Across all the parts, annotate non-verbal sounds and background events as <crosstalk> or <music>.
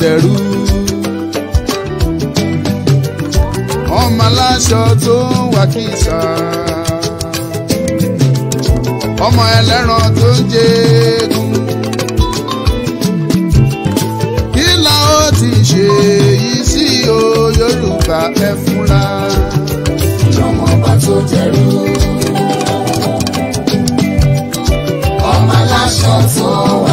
dẹ̀rú. ọmọ aláṣọ tó ń wà kìsà. ọmọ ẹlẹ́ran tó ń jẹ́gun. kí la ó ti ṣe yìí sí o Yorùbá ẹ fúnra. ọmọ ọba tó dẹ̀rú. ọmọ aláṣọ tó wà.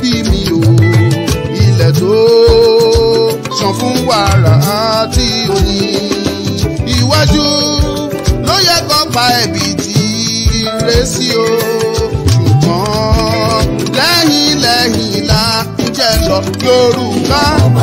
bébí mi o ilẹ̀ tó ṣàn fún wàrà àti oyin iwájú ló yẹ kó pa ẹ̀bí tí ire sí o ṣùgbọ́n lẹ́yìn lẹ́yìn là ń jẹ lọ Yorùbá. ọba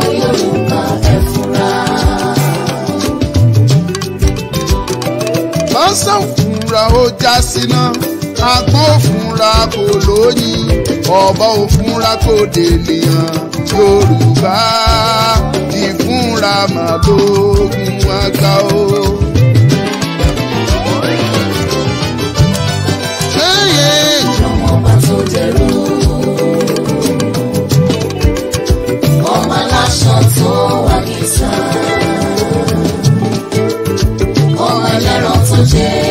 fúnra ó já síná agbó fúnra kò lóyin ọ̀bọ ò fúnra kò dènìyàn Yorùbá ìfúnra màlógún tó wà níta. Ọmọ ẹlẹ́rọ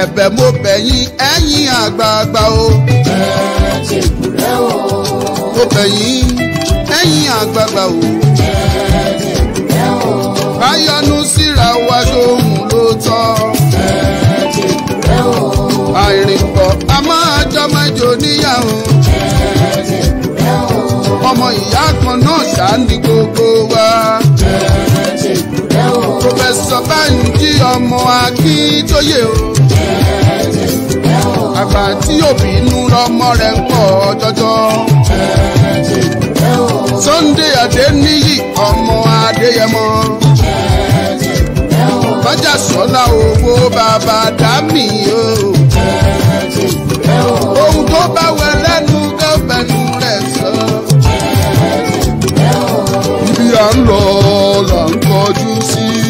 ẹ̀bẹ̀ mo bẹ̀ yín ẹ̀yin àgbààgbà o. ẹ ti kúrẹ́ o. mo bẹ̀ yín ẹ̀yin àgbààgbà o. ẹ ti kúrẹ́ o. káyọ̀nù síra wa ṣóhun ló tọ́. ẹ ti kúrẹ́ o. àìrìnkọ́ a máa jọmọ ìjọ níyàwó. ẹ ti kúrẹ́ o. ọmọ ìyá kan náà ṣáà gbogbo wa. ẹ ti kúrẹ́ o. Professor báyìí lọmọ akíntóye o. àgbà tí òbínú lọmọ rẹ̀ ń pọ̀ jọjọ. Sunday Adéníyì ọmọ Adéyẹmọ. Bájàsọ́lá owó bàbá dámì o. ohun tó bá wẹ lẹ́nu gẹ́gbẹ́nu rẹ̀ sọ. ibi à ń lọ là ń kọjú sí i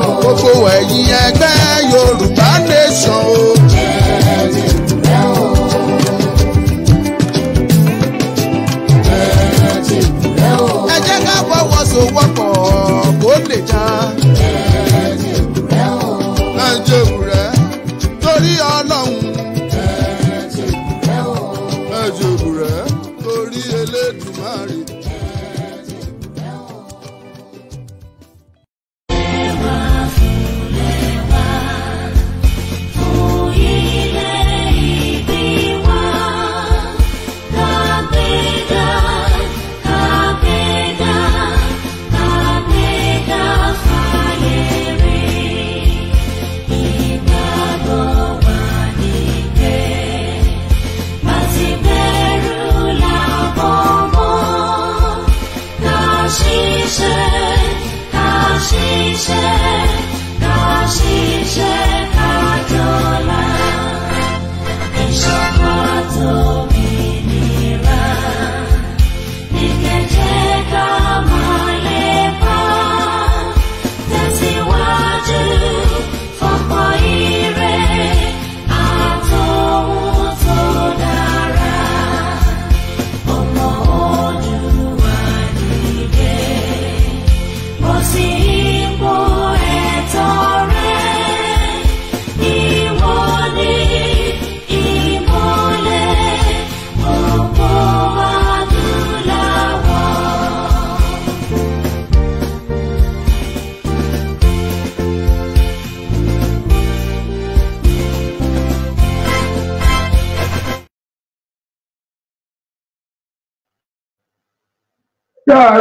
gbogbo ẹ̀yin ẹgbẹ́ Yorùbá nation o.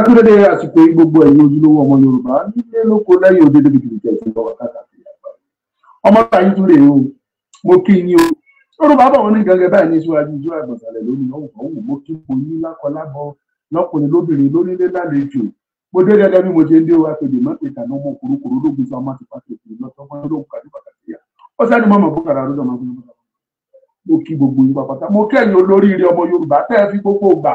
dúró dé àsìkò gbogbo ẹ̀yin ojúlówó ọmọ yorùbá nílé lóko lẹ́yìn òde débi kìlìkì ẹ̀sìn lọ́wọ́ káàkiri àgbáyé ọmọ tá yín tún lè o mo kí ni o yorùbá bọ̀ wọ́n ní gẹ́gẹ́ báyìí ní síwájú ìjọ àgbọ̀nsálẹ̀ lónìí ọ̀hún ọ̀hún mo kí mo yín lákọlábọ lọ́kùnrin lóbìnrin lónílé lálejò mo dé gẹ́gẹ́ bí mo ṣe ń dé wa pèdè mọ́ pèta ní ọmọ kòrókòró lóògùn sí ọmọ àtìpá tètè lọ́tọ́ mọ́ lóògùn kàdé pàtàkì yá ó sáré mọ́ mọ́ bókàrà àrùn ọmọ gbogbo mo kí gbogbo yorùbá tẹ́ fi gbogbo gbà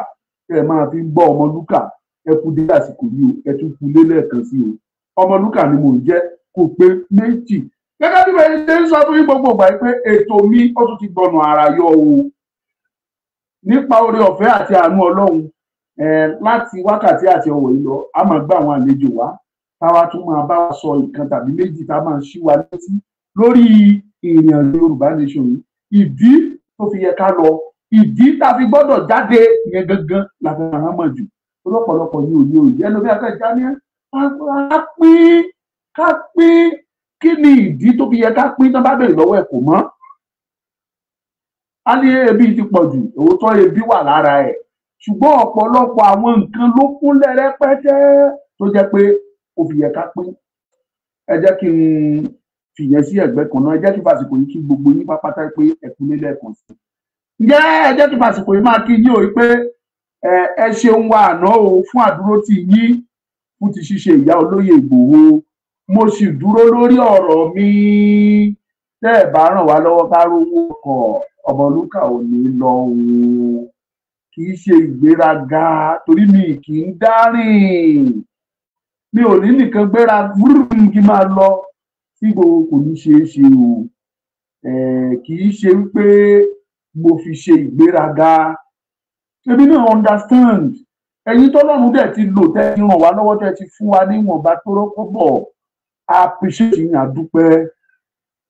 tẹ́ máa fi gbọ́ ọmọ lúkà ẹ kú dé àsìkò yìí o ẹ tún kú lé lẹ́ẹ̀kan sí o Ọmọlúkà ni mò ń jẹ́ kò pé méjì gẹ́gẹ́ bí wọ́n ṣe ń sọ fún yín gbogbo ìgbà pé ètò mi ó tún ti gbọ̀nà àrà yọ o nípa oore ọ̀fẹ́ àti àánú Ọlọ́run láti wákàtí àti ọ̀wọ̀ yìí lọ a máa gbà àwọn àlejò wá táwa tún máa bá wa sọ nǹkan tàbí méjì tá a máa ṣí wa létí lórí ìrìn àjò Yorùbá nation ìdí tó fi yẹ ká lọ ìdí tá a fi gbọ́dọ̀ jáde yẹn gangan làbẹ̀rẹ̀ àwọn mọ̀ jù ọlọ́pọ̀lọpọ̀ ni òye òye ẹnu bí afẹ́ já ní á pín ká pín kí ni ìdí tó fi yẹ ká pín tán bá bèrè lọ́wọ́ ẹ̀ kò mọ́ á ní ebi ti pọ̀ jù òótọ́ ebi wà lára ẹ̀ ṣùgbọ́n ọ̀pọ̀lọpọ̀ àwọn nǹkan ló kún lẹ́rẹ́pẹ́tẹ́ tó jẹ́ pé ó fi yẹ ká pín ẹ jẹ́ kí n fìyẹn sí ẹ̀gbẹ́ kan náà ẹ jẹ́ kí fàsìkò yìí kí gbogbo yín pápátá pé ẹ̀kúnlé lẹ́ẹ̀kan sí i ǹjẹ́ ẹ jẹ́ kí fàsìkò yìí máa kí yín o pé ẹ ṣeun wa àná o fún àdúrótì yín fún ti ṣíṣe ìyá olóyè ìgbòho mo sì dúró lórí ọ̀rọ̀ mi tẹ́ ẹ̀ bá ràn wá lọ́wọ́ ká rówó ọkọ̀ ọmọlúkà ò ní lọ òun kì í ṣe ìgbéraga torí mi kì í dárìn mi ò ní nìkan gbéra wúrúùn kí máa lọ tí gbogbo kò ní ṣeé ṣe o kì í ṣe wípé mo fi ṣe ìgbéraga. Ebi náà understand ẹ̀yin tọ́lọ́run dẹ̀ ti lò tẹ́ ti ràn wá lọ́wọ́ tẹ́ ti fún wa níwọ̀nba tó rọ́pò bọ̀ I appreciate yín àdúpẹ́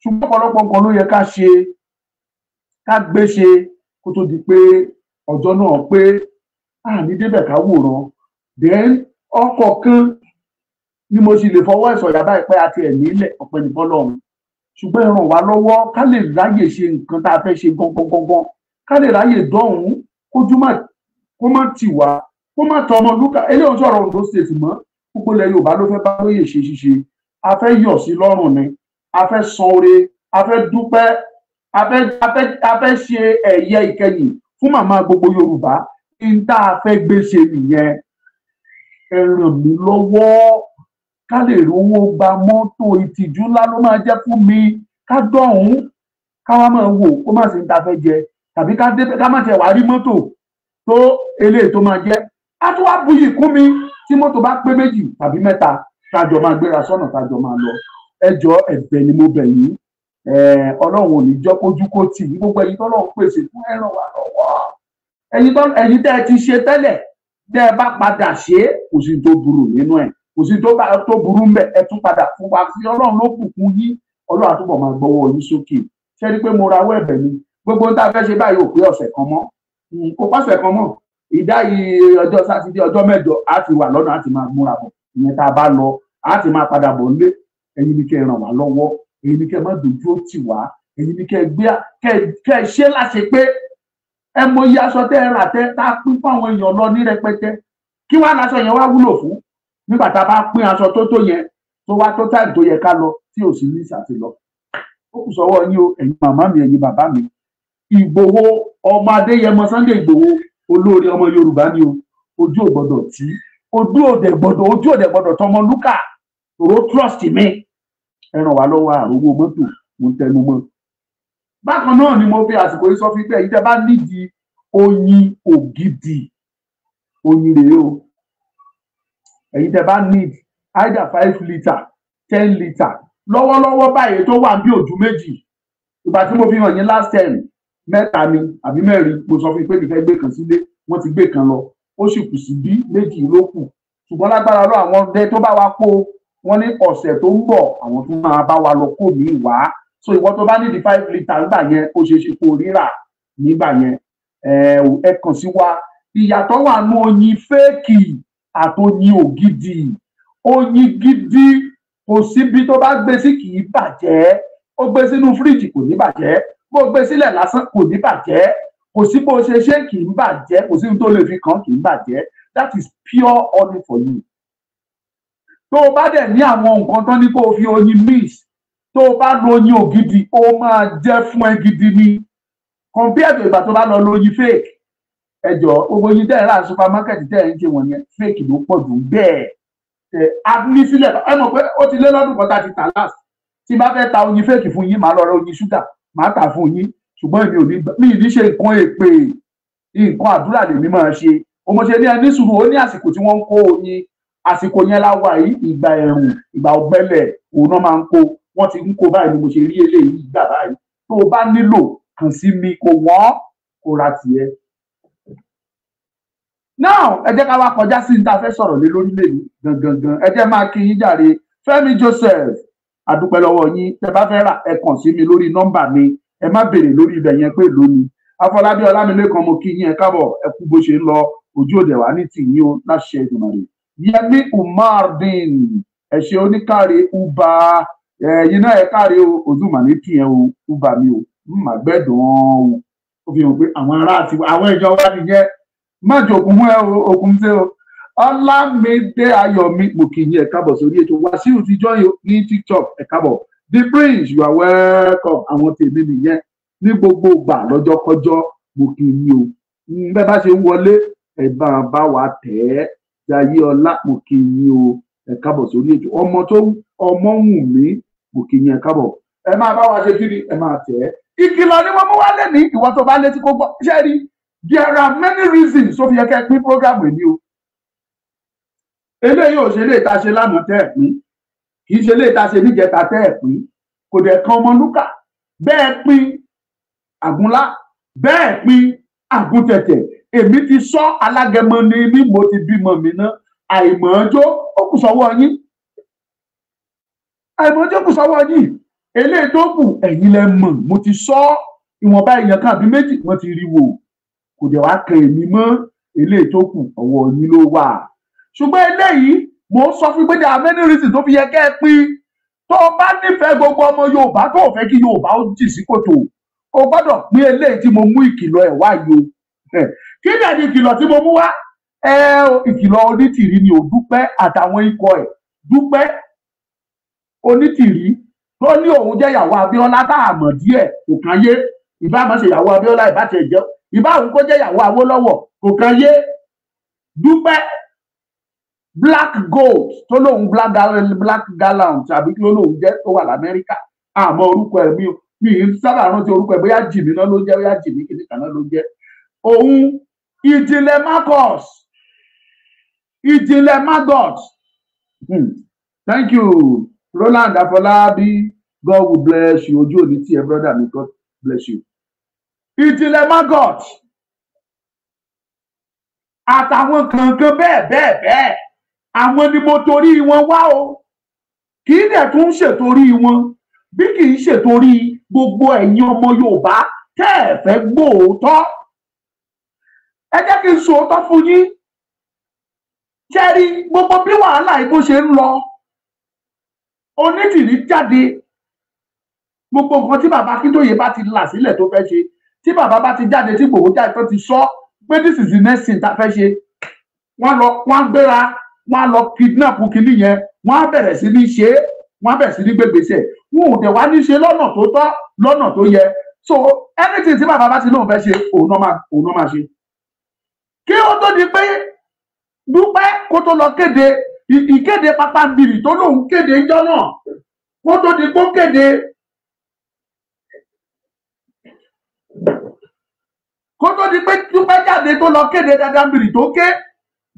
ṣùgbọ́n ọ̀pọ̀lọpọ̀ nǹkan ló yẹ ká ṣe ká gbé ṣe kó tó di pé ọjọ́ náà pé àní débẹ̀ ká wòran then ọkọ̀ kan ni mo sì lè fọwọ́ ìsọ̀yà báyìí pé àti ẹ̀mí lẹ̀ ọ̀pẹ nìkan lọ́hùn ṣùgbọ́n ẹ ràn wá lọ́wọ́ ká lè ráyè ṣe nǹkan tá a fẹ́ ṣe gangan gangan ká lè ráyè dọ́hùn kójú má kó má tì wá kó má tọ ọmọ lúkà eléyìí sọ̀rọ̀ Ondo state mọ́ gbogbo ilẹ̀ Yorùbá ló fẹ́ bá lóye ṣe ṣíṣe a fẹ́ yọ̀ sí lọ́rùn ni a fẹ́ san oore a fẹ́ dúpẹ́ a fẹ́ a fẹ́ a fẹ́ ṣe ẹ̀yẹ ìkẹyìn fún màmá gbogbo Yorùbá ní tá a fẹ́ gbé ṣe nìyẹn ẹ ràn mí lọ́wọ́ ká lè rówó gba mọ́tò ìtìjú ńlá ló máa jẹ́ fún mi ká dọ̀hún ká wá máa wò ó má sì ń ta fẹ́ jẹ tàbí ká dé ká má tiẹ̀ wá rí mọ́tò tó eléyìí tó máa jẹ́ á tún wá buyì kún mi tí mọ́tò bá pé méjì tàbí mẹ́ta tájọ máa gbéra sọ́nà tájọ máa lọ ẹjọ́ ẹ̀bẹ̀ ni mo bẹ̀ yín ọlọ́run ò ní jọ́ kójú kó tì ní gbogbo ẹ̀yin tọ́lọ́run pèsè fún ẹ̀ràn wa lọ́wọ́ ẹ̀yin tẹ́ ẹ ti ṣe tẹ́lẹ̀ tẹ́ ẹ bá padà ṣe é kò sí tó burú nínú ẹ̀ kò sí tó burú ń bẹ̀ ẹ tún padà fún wa fi ọlọ́run ló bùkún yín ọlọ́run àtúbọ̀ máa gbọ́wọ́ yín sókè ṣé rí pé mo rawọ́ ẹ̀bẹ̀ ni gbogbo tá a fẹ́ ṣe báyìí ò pé ọ̀sẹ̀ kan mọ́ hmm, kò pọ̀sẹ̀ kan mọ́ ìdá yìí ọjọ́ sátidé ọjọ́ mẹ́jọ á ti wà lọ́nà á ti máa múra bọ̀ ìyẹn tá a bá lọ á ti máa padà bọ̀ nílé ẹ̀yin ni kẹ́ ràn wá lọ́wọ́ ẹ̀yin ni kẹ́ má dojú ó tì wá ẹ̀yin ni kẹ́ gbé kẹ́ ṣe láṣẹ pé ẹ mọ iye aṣọ tẹ́ ẹ rà tẹ́ tá a pín fún àwọn èèyàn lọ ní rẹpẹtẹ kí wàá láṣọ yẹn wá wúlò fún nígbà tá a bá pín aṣọ tó tó yẹn tó wá tó táì tó yẹ ká lọ tí ò sí ní ìsàtì lọ ó kù sọ́wọ́ yín o ẹ̀yin màmá mi ẹ̀yin bàbá mi Ìgbòho ọmọ Adéyẹmọ Sunday Ìgbòho olóore ọmọ Yorùbá ni o ojú ò gbọ́dọ̀ tí ojú ò dẹ̀ gbọ́dọ̀ ojú ò dẹ̀ gbọ́dọ̀ tọmọ lúkà tòró trust mi ẹ ràn wá lọ́wọ́ àròwọ mọ́tò mo ń tẹnu mọ́ bákan náà ni mo fi àsìkò yìí sọ fún pé ìjọba bá nídìí oyin ògidì oyin rèé o èyí tẹ́ bá need either five litre ten litre lọ́wọ́lọ́wọ́ báyìí tó wà bí ojú méjì ìgbà tí mo fi hàn yín last ten mẹ́ta ni àbí mẹ́rin mo sọ fún yín pé mi fẹ́ gbé kan sílé wọ́n ti gbé kan lọ ó sì kù sí bí méjì ló kù ṣùgbọ́n lágbára lọ àwọn ọdẹ tó bá wa kó wọ́n ní ọ̀sẹ̀ tó ń bọ̀ àwọn tó máa bá wa lọ kó mi wá so ìwọ tó bá ní di five litre nígbà yẹn ó ṣeé ṣe kó rírà nígbà yẹn ẹ kàn sí wa ìyàtọ̀ wà nù oyin fẹ́ẹ̀kì àtòyin ògidì oyin gidi kò síbi tó bá gbé sí kì í bàjẹ́ ó gbé sínú fíríjì kò ní bàjẹ́ bó gbé sílẹ̀ lásán kò ní bàjẹ́ kò sí bó ṣe ṣe kì í bàjẹ́ kò sí tó lè fi kàn kì í bàjẹ́ that is pure honey for you. tó o bá dẹ̀ ní àwọn nǹkan tán ní kó o fi oyin mix tó o bá lo oyin ògidì ó máa jẹ́ fún ẹ gidi ni compared to ìgbà tó bá lọ lo fake ẹ jọ gbogbo oyin tẹ̀ ń ra supermarket tẹ̀ ń ṣe wọ̀nyẹn fake ló pọ̀ jù bẹ́ẹ̀ adúlísílẹ̀ ẹ mọ̀ pé ó ti lé lọ́dún kan tá a ti tà last tí bá fẹ́ ta oyin fake fún yín màá lọ ra oyin ṣúgà màá kà fún yín ṣùgbọ́n èmi ò ní mi ní ṣe nǹkan èpè nǹkan àdúrà lèmi máa ṣe ọmọṣẹ ní ẹni sùúrù ó ní àsìkò tí wọ́n ń kó oyin àsìkò yẹn la wà yìí ìgbà ẹ̀rùn ìgbà ọ̀gbẹlẹ̀ òun náà máa ń kó wọ́n ti ń kó báyìí ni mo ṣe rí eléyìí ìgbà báyìí tó o bá nílò kàn sí mi kò wọ́n kò ra tiẹ̀. now ẹ jẹ́ ká wá kọjá sí ní ta fẹ́ sọ̀rọ̀ lé lórílẹ̀ gangan ẹ jẹ́ máa kí yín jàre Fẹ́mi Joseph adúpẹ́ lọ́wọ́ yín tẹ́ bá fẹ́ rà ẹ kàn sí mi lórí nọ́mbà mi ẹ má béèrè lórí ibẹ̀ yẹn pé lónìí afọlábí ọlámilékan mo kí yín ẹ káàbọ̀ ẹ kú bó ṣe ń lọ ojú òde wa ní tìyín o láṣẹ ìdùnnàrè yẹmí umardin ẹṣẹ oníkàrè uba ẹyin náà ẹ káàrè o ojúmọlẹ kí yẹn o uba mi o màgbẹdùn o ó fi hàn pé àwọn ará àti àwọn ìjọ wa nìyẹn má jòkun fún ẹ o òkun tẹ o ọlámídé ayọ̀mí mo kì í yín ẹ káàbọ̀ sórí ètò wàsíù ti jọ́ ní tiktok ẹ káàbọ̀ the prince you are welcome àwọn tèmi nìyẹn ní gbogbo ìgbà lọ́jọ́kọ́jọ́ mo kì í yín o bẹ́ẹ̀ bá ṣe ń wọlé ẹ bá a bá wa tẹ̀ ẹ́ jayé ọlá mo kì í yín o ẹ káàbọ̀ sórí ètò ọmọ tó ọmọ wù mí mo kì í yín ẹ káàbọ̀ ẹ máa bá wa ṣe kí ni ẹ máa tẹ̀ ẹ́ ìkìlọ̀ ni wọ́n mú wá lẹ́ni ìwọ́n tó bá létí kó gbọ́ ṣẹ́ẹ́rì there are many reasons tó fi yẹ kẹ́ pín program yìí o eléyìí ò ṣe lè ta ṣe lánàá tẹ́ ẹ̀ pín kì í ṣe lè ta ṣe níjẹta tẹ́ ẹ̀ pín kò dẹ̀ kan ọmọlúkà bẹ́ẹ̀ pín àgúnlá bẹ́ẹ̀ pín àgúntẹ̀tẹ̀ èmi ti sọ alágẹmọ ni mí mo ti bímọ mi ná àìmọ̀ọ́jọ́ ó kù sọ́wọ́ yín àìmọ̀ọ́jọ́ kù sọ́wọ́ yín eléyìí tó kù ẹ̀yin lẹ mọ̀ mo ti sọ ìwọ̀nba èèyàn kan àbí méjì wọ́n ti rí wò kò dẹ̀ wá kan èmi mọ́ eléyìí tó kù ọwọ́ yín ló wà ṣùgbọ́n eléyìí mò ń sọ fún pé there are many reasons tó fi yẹ kẹ́ ẹ pín tó o bá nífẹ̀ẹ́ gbogbo ọmọ Yorùbá tó o fẹ́ kí Yorùbá ó jì sí kòtò o gbọ́dọ̀ pín eléyìí tí mo mú ìkìlọ̀ ẹ̀ wá yìí o <laughs> kí ni ẹ̀dí ìkìlọ̀ tí mo mú wá ẹ ìkìlọ̀ onítìrí ni ò dúpẹ́ àtàwọn ikọ̀ ẹ̀ dúpẹ́ onítìrí tó ní òun jẹ́ ìyàwó Abíọ́lá tá a mọ̀ díẹ̀ kò kàn yé ìbá mọ̀ sí ìyàwó Abíọ́lá ìbá tiẹ̀ jẹ́ ìbá òun kó jẹ́ ìyàwó Awólọ́wọ̀ kò kàn yé dúpẹ́ black gold tó lóun black black gallon tàbí tó lóun jẹ́ tó wà lamẹ́ríkà àmọ́ orúkọ ẹ̀ mi ò mi ì sábà rántí orúkọ ẹ̀ bóyá jìnnì náà ló jẹ́ bóyá jìnnì kìnnì kan náà ló jẹ́ òun ìjìnlẹ̀ marcus ìjìnlẹ̀ margot hmm. thank you roland afọlábí god will bless you ojú òní tiẹ̀ brother mi god bless you ìjìnlẹ̀ margot àtàwọn kankan bẹ́ẹ̀ bẹ́ẹ̀ bẹ́ẹ̀ àwọn ni mo torí wọn wá o kì í dẹ̀ tún ṣètorí wọn bí kì í ṣètorí gbogbo ẹ̀yin ọmọ Yorùbá tẹ́ ẹ̀ fẹ́ gbòòótọ́ ẹ jẹ́ kí n sòótọ́ fún yín jẹ́rí gbogbo bí wàhálà ìbò ṣe ń lọ Onítìrí jáde gbogbo nǹkan tí bàbá Akíntóyè bá ti là sílẹ̀ tó fẹ́ ṣe tí bàbá bá ti jáde tí gbòòó jáde tó ti sọ pé this is the next thing ta fẹ́ ṣe wọ́n lọ wọ́n gbéra wọ́n á lọ kidnap kinní yẹn wọ́n á bẹ̀rẹ̀ sí ní ṣe é wọ́n á bẹ̀rẹ̀ sí ní gbégbèsè wọn ò dẹ̀ wá ní ṣe lọ́nà tó tọ́ lọ́nà tó yẹ so anything tí bàbá bá ti lóun fẹ́ ṣe òun náà máa òun náà máa ṣe kí ó tó di pé dúpẹ́ kó tó lọ kéde ìkéde pápánbìrì tó lóun kéde ńjọ́ náà kó tó di pé ó kéde kó tó di pé dúpẹ́ jáde tó lọ kéde dandanbìrì tó ké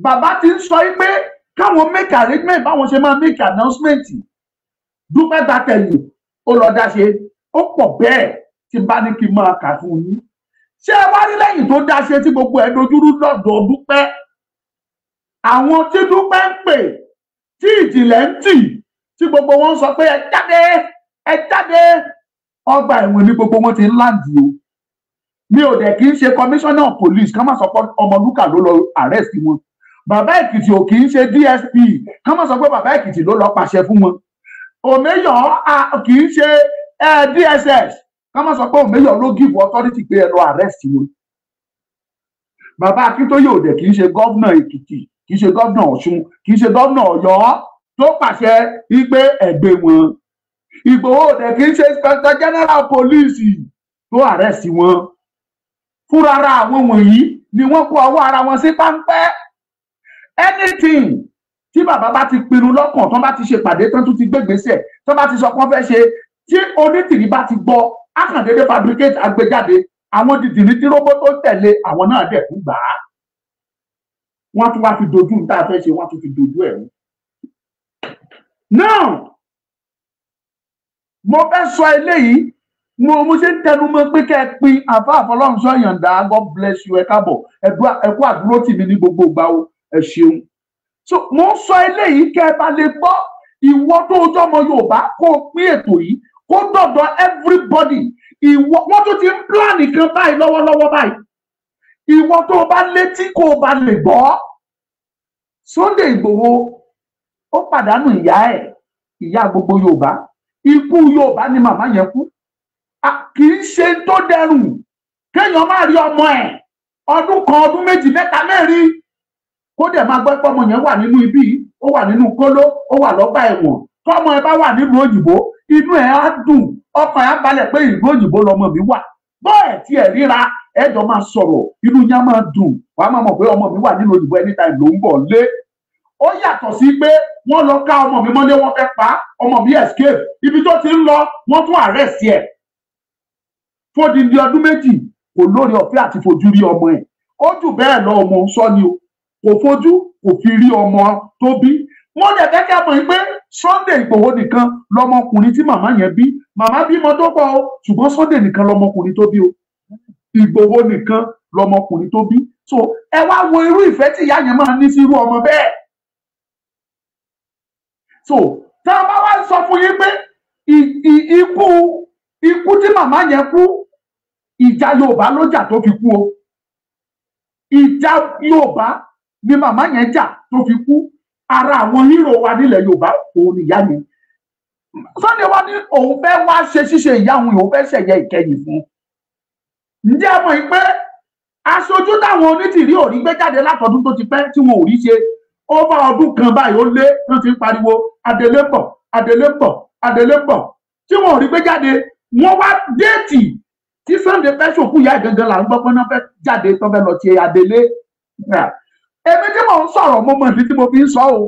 bàbá ti ń sọ pé káwọn make arrangement báwọn ṣe máa make announcement dúpẹ́ ta tẹ̀yìn ó lọ dá ṣe ó pọ̀ bẹ́ẹ̀ tí bá ní kí n máa kà fún yín ṣé ẹ wá rí lẹ́yìn tó dá ṣe tí gbogbo ẹ̀ dojúrú lọ́dọ̀ dúpẹ́ àwọn tí dúpẹ́ ń pè tí ìjìnlẹ̀ ń tì tí gbogbo wọn sọ pé ẹ jáde ẹ jáde ọgbà ẹ̀wọ̀n ni gbogbo wọn ti ń láǹdì o mi ò dẹ̀ kí n ṣe commissioner of police ká má sọ pé Ọmọlúkà ló lọ arrest wọn bàbá èkìtì ò kì í ṣe dsp kán mọ̀ sọ pé bàbá èkìtì ló lọ́ọ́ pàṣẹ fún wọn òmíyàn kì í ṣe dss kán mọ̀ sọ pé òmíyàn ló give authority pé ẹ lọ arrest wọn bàbá akíntóyè òde kì í ṣe gọ́vnà èkìtì kì í ṣe gọ́vnà ọ̀ṣun kì í ṣe gọ́vnà ọ̀yọ́ tó pàṣẹ igbe ẹ̀gbẹ́ wọn ìgbòho òde kì í ṣe inspector general police tó arrest wọn fúnra ara àwọn wọ̀nyí ni wọ́n kó ọwọ́ ara wọn sí páńpẹ́ anything tí bàbá bá ti pinnu lọ́kàn tán bá ti ṣe pàdé tán tún ti gbégbèsè tán bá ti sọ pé wọ́n fẹ́ ṣe tí onítìrí bá ti gbọ́ akàndédé fabricate agbéjáde àwọn dìdìrí tí róbótó tẹ̀lé àwọn náà dẹ̀ tún gbà á wọ́n tún wá fi dojú tá a fẹ́ ṣe wọ́n tún fi dojú ẹ̀ wọ́n. mo fẹ́ sọ eléyìí mo mo ṣe ń tẹnu mọ́ pé kẹ́ ẹ pin àfa àfọlọ́run sọ yọ̀ǹda god bless you ẹ káàbọ̀ ẹ kú àdúró tì mí ní gbogbo ìgbà o ẹ ṣeun so mo ń sọ eléyìí kẹ́ ẹ bá lè gbọ́ ìwọ tó ojú ọmọ Yorùbá kó o pín ètò yìí kó dọ̀dọ̀ everybody ìwọ wọn tún ti ń plan kan báyìí lọ́wọ́lọ́wọ́ báyìí ìwọ tó o bá létí kó o bá lè gbọ́ Sunday Igboho ó pàdánù ìyá ẹ̀ ìyá gbogbo Yorùbá ikú Yorùbá ni màmá yẹn kú kì í ṣe tó dẹrùn kéèyàn má rí ọmọ ẹ̀ ọdún kan ọdún méjì mẹ́ta mẹ́rin kó dẹ̀ máa gbọ́ pọ́mọ yẹn wà nínú ibí ó wà nínú kóló ó wà lọ́gbà ẹ̀wọ̀n tọ́mọ ẹ bá wà nílùú òyìnbó inú ẹ á dùn ọkàn ẹ á balẹ̀ pé ìlú òyìnbó lọmọ mi wà bọ́ẹ̀ tí ẹ̀ ríra ẹ̀jọ̀ máa sọ̀rọ̀ inú yẹn máa dùn wà á máa mọ̀ pé ọmọ mi wà nílùú òyìnbó anytime ló ń bọ̀ lé ó yàtọ̀ sí pé wọ́n lọ ká ọmọ mi mọ́lé wọ́n fẹ́ pa ọmọ mi escape ibi tó ti ń lọ wọ́n tún arrest ẹ̀ fódìdí ọdún méjì kò lóore ọ̀fẹ́ àti fojú rí ọmọ ẹ̀ ó jù bẹ́ẹ̀ lọ ọmọ sọ o kò fojú kò fi rí ọmọ tó bí wọn dẹ̀ kẹ́kẹ́ mọ̀ pé Sunday Ìgbòho nìkan lọmọkùnrin tí màmá yẹn bí màmá bímọ tó pọ̀ o ṣùgbọ́n Sunday nìkan lọmọkùnrin tó bí o Ìgbòho nìkan lọmọkùnrin tó bí so ẹ wá wo irú ìfẹ́ tí ìyá yẹn máa ní sí irú ọmọ bẹ́ẹ̀ so tá a bá wá sọ fún yín pé ikú ikú tí màmá yẹn kú ìjà Yorùbá ló jà tó fi kú o ìjà Yorùbá ni màmá yẹn jà tó fi kú ara àwọn hero wa nílẹ̀ yorùbá òun nìyá yẹn Sunday wa ní òun fẹ́ wá ṣe ṣíṣe ìyá òun òun fẹ́ ṣẹ̀yẹ ìkẹyìn fún ǹjẹ́ ẹ mọ̀ pé aṣojú táwọn onítìrí ò rí gbé jáde látọdún tó ti pẹ́ tí wọn ò rí ṣe ó bá ọdún kan báyìí ó lé wọn ti ń pariwo adelé bọ̀ adelé bọ̀ adelé bọ̀ tí wọn ò rí gbé jáde wọn wá déètì tí Sunday fẹ́ ṣòkú ìyá gangan là ń gbọ́ pé wọ́n fẹ́ jáde tó fẹ́ ṣe adelé èmi tí mò ń sọ̀rọ̀ mo mọ ìdí tí mo fi ń sọ o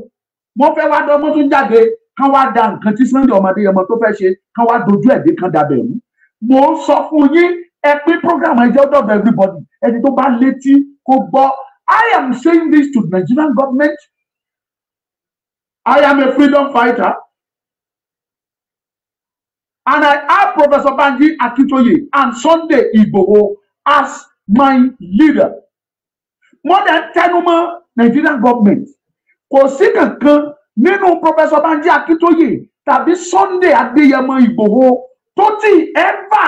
mo fẹ́ wá dán mọ́tún jáde kán wá da nǹkan tí Sunday ọmọdé ọmọ tó fẹ́ ṣe kán wá dojú ẹ̀dẹ́ kan dabẹ̀ mú mo ń sọ fún yín ẹ pín program ẹ jẹ́ ọ̀dọ̀ everybody ẹni tó bá létí kó gbọ́ I am saying this to Nigerian government I am a freedom fighter and I have Professor Banji Akintoye and Sunday Igboho as my leader wọ́n dẹ̀ ń tẹnumọ́ Nigerian government kò sí kankan nínú Professor Banji Akíntóyè tàbí Sunday Adéyẹmọ Ìgbòho tó ti ẹ̀fà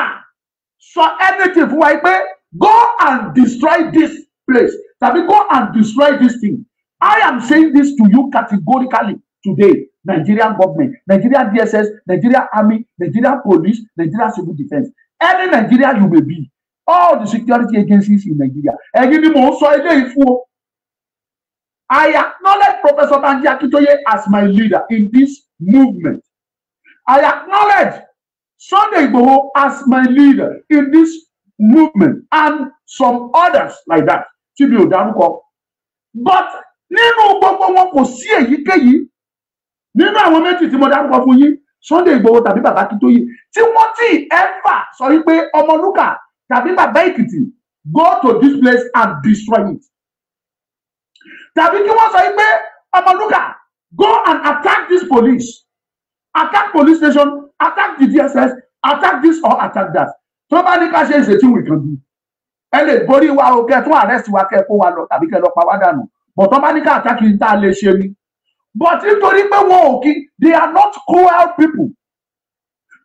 sọ anything fún wa pé go and destroy this place tàbí go and destroy this thing I am saying this to you categorically today Nigerian government Nigeria DSS Nigeria Army Nigeria Police Nigeria Civil Defence any Nigeria you may be all the security agencies in Nigeria ẹ̀yin ni mò ń sọ eléyìí fún o I acknowledge Professor Banji Akintoye as my leader in this movement I acknowledge Sunday Igboho as my leader in this movement and some others like that tí mi ò dárúkọ but nínú gbogbo wọn kò sí èyíkéyìí nínú àwọn méjì tí mo dárúkọ fún yín Sunday Igboho tàbí bàbá Akintoye tí wọ́n ti ẹ fà sọ wípé Ọmọlúkà tàbí bàbá èkìtì go to this place and destroy it tàbí kí wọ́n sọ yìí pé ọmọlúkà go and attack this police attack police station attack the DSS attack this or attack that tó bá ní ká ṣe ìṣètí we can do ẹ lè borí wa o kẹ tún arrest wa kẹ kó wa lọ tàbí kẹ lọ pa wá dànù but tó bá ní ká attack yìí tá a lè ṣe ni but nítorí pé wọn ò kí they are not cruel people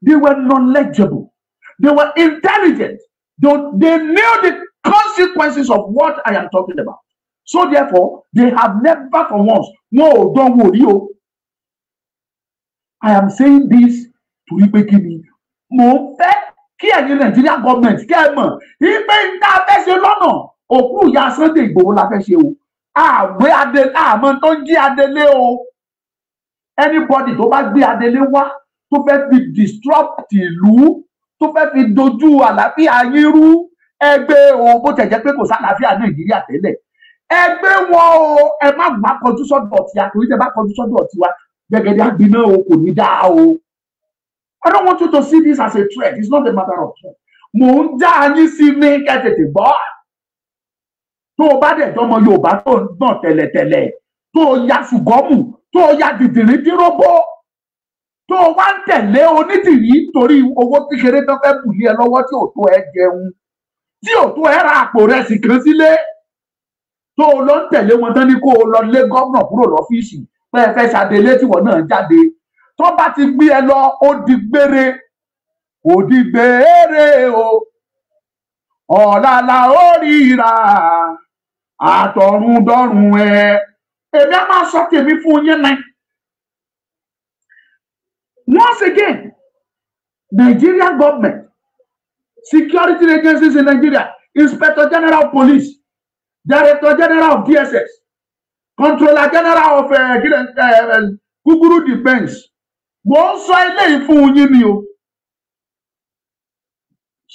they were knowledgeable they were intelligent They, they knew the consequences of what I am talking about. So therefore, they have never for once, no, don't worry. Oh. I am saying this to Ibekini. Mo fẹ́ kí ẹ̀yin Nàìjíríà gọ́ọ̀mẹ̀ntì kẹ́ ẹ mọ̀ ipe tá a se lono. Oku òkú ìyá Sunday Ìgbòho la fẹ́ ṣe o. Àgbé Adélé àmọ́ tó ń jí adele o. Anybody to bá be adele wa to fẹ́ fi disrupt the ìlú tó fẹ́ fi dojú àlàáfíà yín rú ẹgbẹ́ o bó tẹ̀ jẹ́ pé kò sálàáfíà nàìjíríà tẹ́lẹ̀ ẹgbẹ́ wọn o ẹ má má kọjú sọ́dọ̀ ọ̀tí àtòrí tẹ bá kọjú sọ́dọ̀ ọ̀tí wa gẹ́gẹ́dẹ́ àgbiná o kò ní dáa o I don't want you to see this as a threat it's not a matter of threat mò ń dá yín sí ní kẹ́tètè gbọ́ tó o bá dẹ̀ jọmọ yorùbá tó ń gbọ̀n tẹ́lẹ̀tẹ́lẹ̀ tó o ya ṣùgọ́mù tó o ya dìdìrín díròbó tó o wá ń tẹ̀lé onídìrí torí owó kékeré tó fẹ́ bù lé ẹ lọ́wọ́ tí ò tó ẹ jẹun tí ò tó ẹ ra àpò rẹ sì kan sílé tó o lọ ń tẹ̀lé wọn tán ni kó o lọ lé gómìnà kúrò lọ́fíìsì pé ẹ fẹ́ ṣàdélé tìwọ náà jáde tó bá ti gbé ẹ lọ ó di gbére ó di gbére o ọ̀làlà ó ríra àtọ̀rundọ̀run ẹ èmi á máa sọ tèmi fún yín náà. Once again, Nigerian government, security agencies in Nigeria, Inspector General of Police, Director General of DSS, Controller General of uh, uh, Kúkúrú Defense. Mo ń sọ eléyìí fún yín ni o.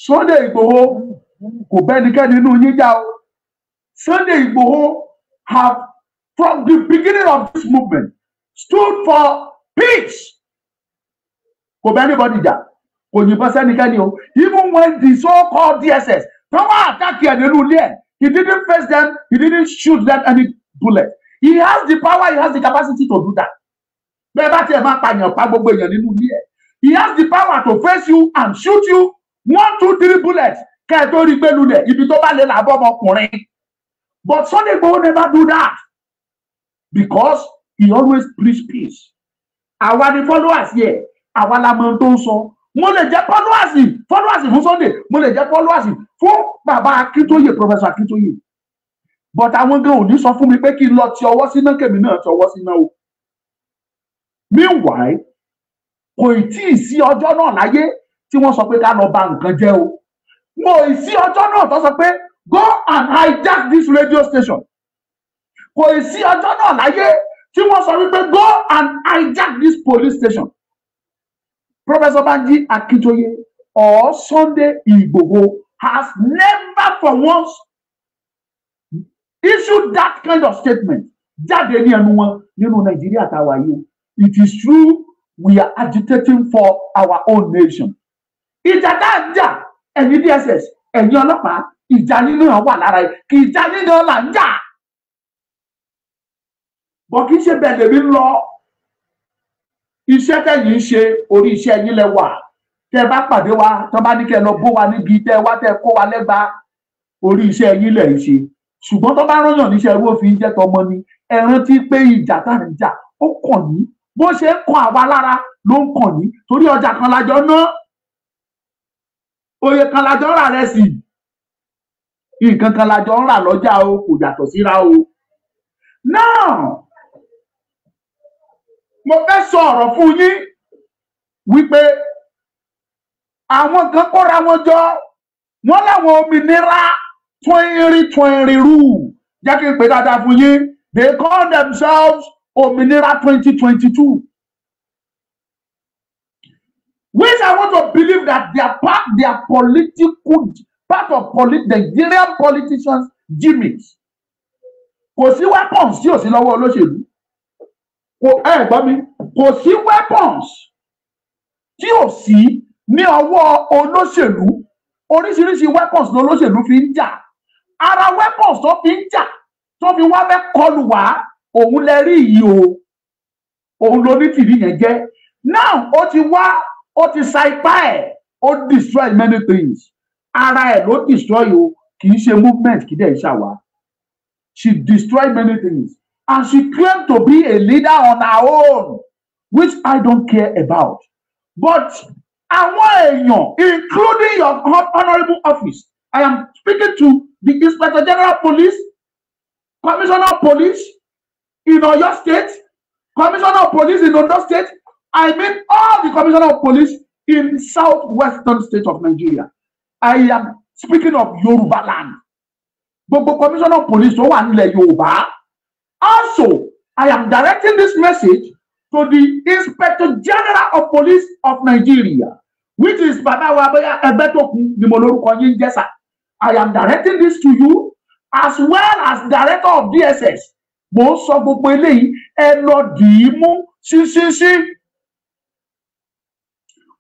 Sunday Igboho kò bẹ́nikẹ́ni inú yín já o. Sunday Igboho have from the beginning of this movement stood for peace kò bẹ anybody jà kò yìnbọn sẹ́nikẹ́ni o even when the so-called DSS tán wá àtàkì ẹ̀ nínú ilé ẹ̀ he didn't face them he didn't shoot them any bullet he has the power he has the capacity to do that bẹ́ẹ̀ bá tiẹ̀ máa pààyàn pa gbogbo èèyàn nínú ilé ẹ̀ he has the power to face you and shoot you one two three bullets kẹ́ ẹ tó rí gbé lulẹ̀ ibi tó bá lè là bọ́ ọmọkùnrin but Sunday Igboho never do that because he always preach peace àwa ni followers yeah àwa la mọ tó ń sọ mo lè jẹ followers followers fún Sunday mo lè jẹ followers fún bàbá Akíntóyè professor Akíntóyè but àwọn gan ò ní sọ fún mi pé kí n lọ ti ọwọ́ síná kèmí náà ti ọwọ́ síná o meanwhile kò tí ì sí ọjọ́ náà láyé tí wọ́n sọ pé ká lọ ba nǹkan jẹ́ o kò ì sí ọjọ́ náà tó sọ pé go and hijack this radio station kò ì sí ọjọ́ náà láyé tí wọ́n sọ wípé go and hijack this police station Professor Banji Akintoye or Sunday Igboho has never for once issued that kind of statement. Jáde ní ẹnu wọn nínú Nàìjíríà táwa yìí. It is true we are agitating for our own nation. Ìjà dáadáa ẹ̀yin DSS ẹ̀yin ọlọ́pàá ìjà nínú ẹ̀ wà lára ẹ̀ kì ìjà nínú ẹ̀ là ń jà. Bọ̀ kì í ṣe bẹ́ẹ̀ lèmi lọ iṣẹ́ tẹ̀yìn ṣe orí iṣẹ́ yín lẹ wà tẹ́ bá pàdé wa tọ́ bá ní kẹ́ lọ bó wa níbi tẹ́ wá tẹ́ kó wa lẹ́gba orí iṣẹ́ yín lẹ̀ ń ṣe ṣùgbọ́n tọ́ bá rányàn níṣẹ́ irú òfin jẹ́ tọmọ ni ẹ rántí pé ìjà tá à ń jà ó kàn ní bó ṣe ń kan àwa lára ló ń kàn ní torí ọjà kan lájọ ná oyè kan lájọ rà rẹ sí nǹkan kan lájọ ń rà lọ́jà o kò yàtọ̀ síra o náà mo fẹ́ sọ ọ̀rọ̀ fún yín wípé àwọn kan kóra wọn jọ wọn láwọn òmìnira twenty twenty rule jẹ́ kí n pè dáadáa fún yín they call themselves òmìnira twenty twenty two which I want to believe that they are part their political part of polit Nigerian politicians gimmicks kò sí weapons tí ò sí lọ́wọ́ olóṣèlú kò ẹ gbọ́ mi sí weapons tí ò sí ní ọwọ́ olóṣèlú oríṣiríṣi weapons ní olóṣèlú fi ń jà ara weapons tó fi ń jà tó fi wá fẹ́ kọlù wá òun lẹ rí yìí o òun ló ní tìrí yẹn jẹ́ now ó ti wá ó ti sa ipá ẹ̀ ó destroy many things ara ẹ̀ ló destroy o kì í ṣe movement kì í dẹ̀ ṣàwá she destroy many things And she claimed to be a leader on her own, which I don't care about. But àwọn èèyàn including your honourable office I am speaking to the Inspector General Police, Commissioner of Police in Oyo State, Commissioner of Police in Ondo State, I mean all the Commissioner of Police in southwestern state of Nigeria. I am speaking of Yoruba land. Gbogbo Commissioner of Police tó wà nílẹ̀ Yorùbá. Also, I am directing this message to the Inspector General of Police of Nigeria, which is Baba Wabaya Ebetokun Nimoloruko Yinjesa. I am directing this to you as well as Director of DSS. Mo ń sọ gbogbo eléyìí ẹ lọ dì í mú ṣíṣíṣí.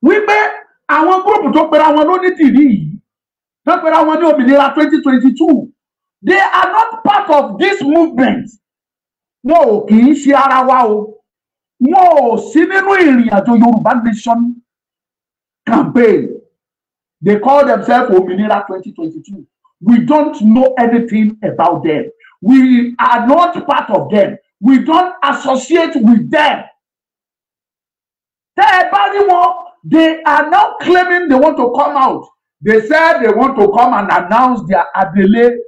Wípé àwọn gúrùpù tó pera wọn ló ní tìrí yìí, tó pera wọn ní òmìnira twenty twenty they are not part of this movement wọn ò kì í ṣe ara wa o wọn ò sí nínú ìrìn àjò yorùbá nation campaign they call themselves Ominira twenty twenty two we don't know anything about them we are not part of them we don't associate with them tẹ́ ẹ bá rí wọn they are now claiming they want to come out they said they want to come and announce their adele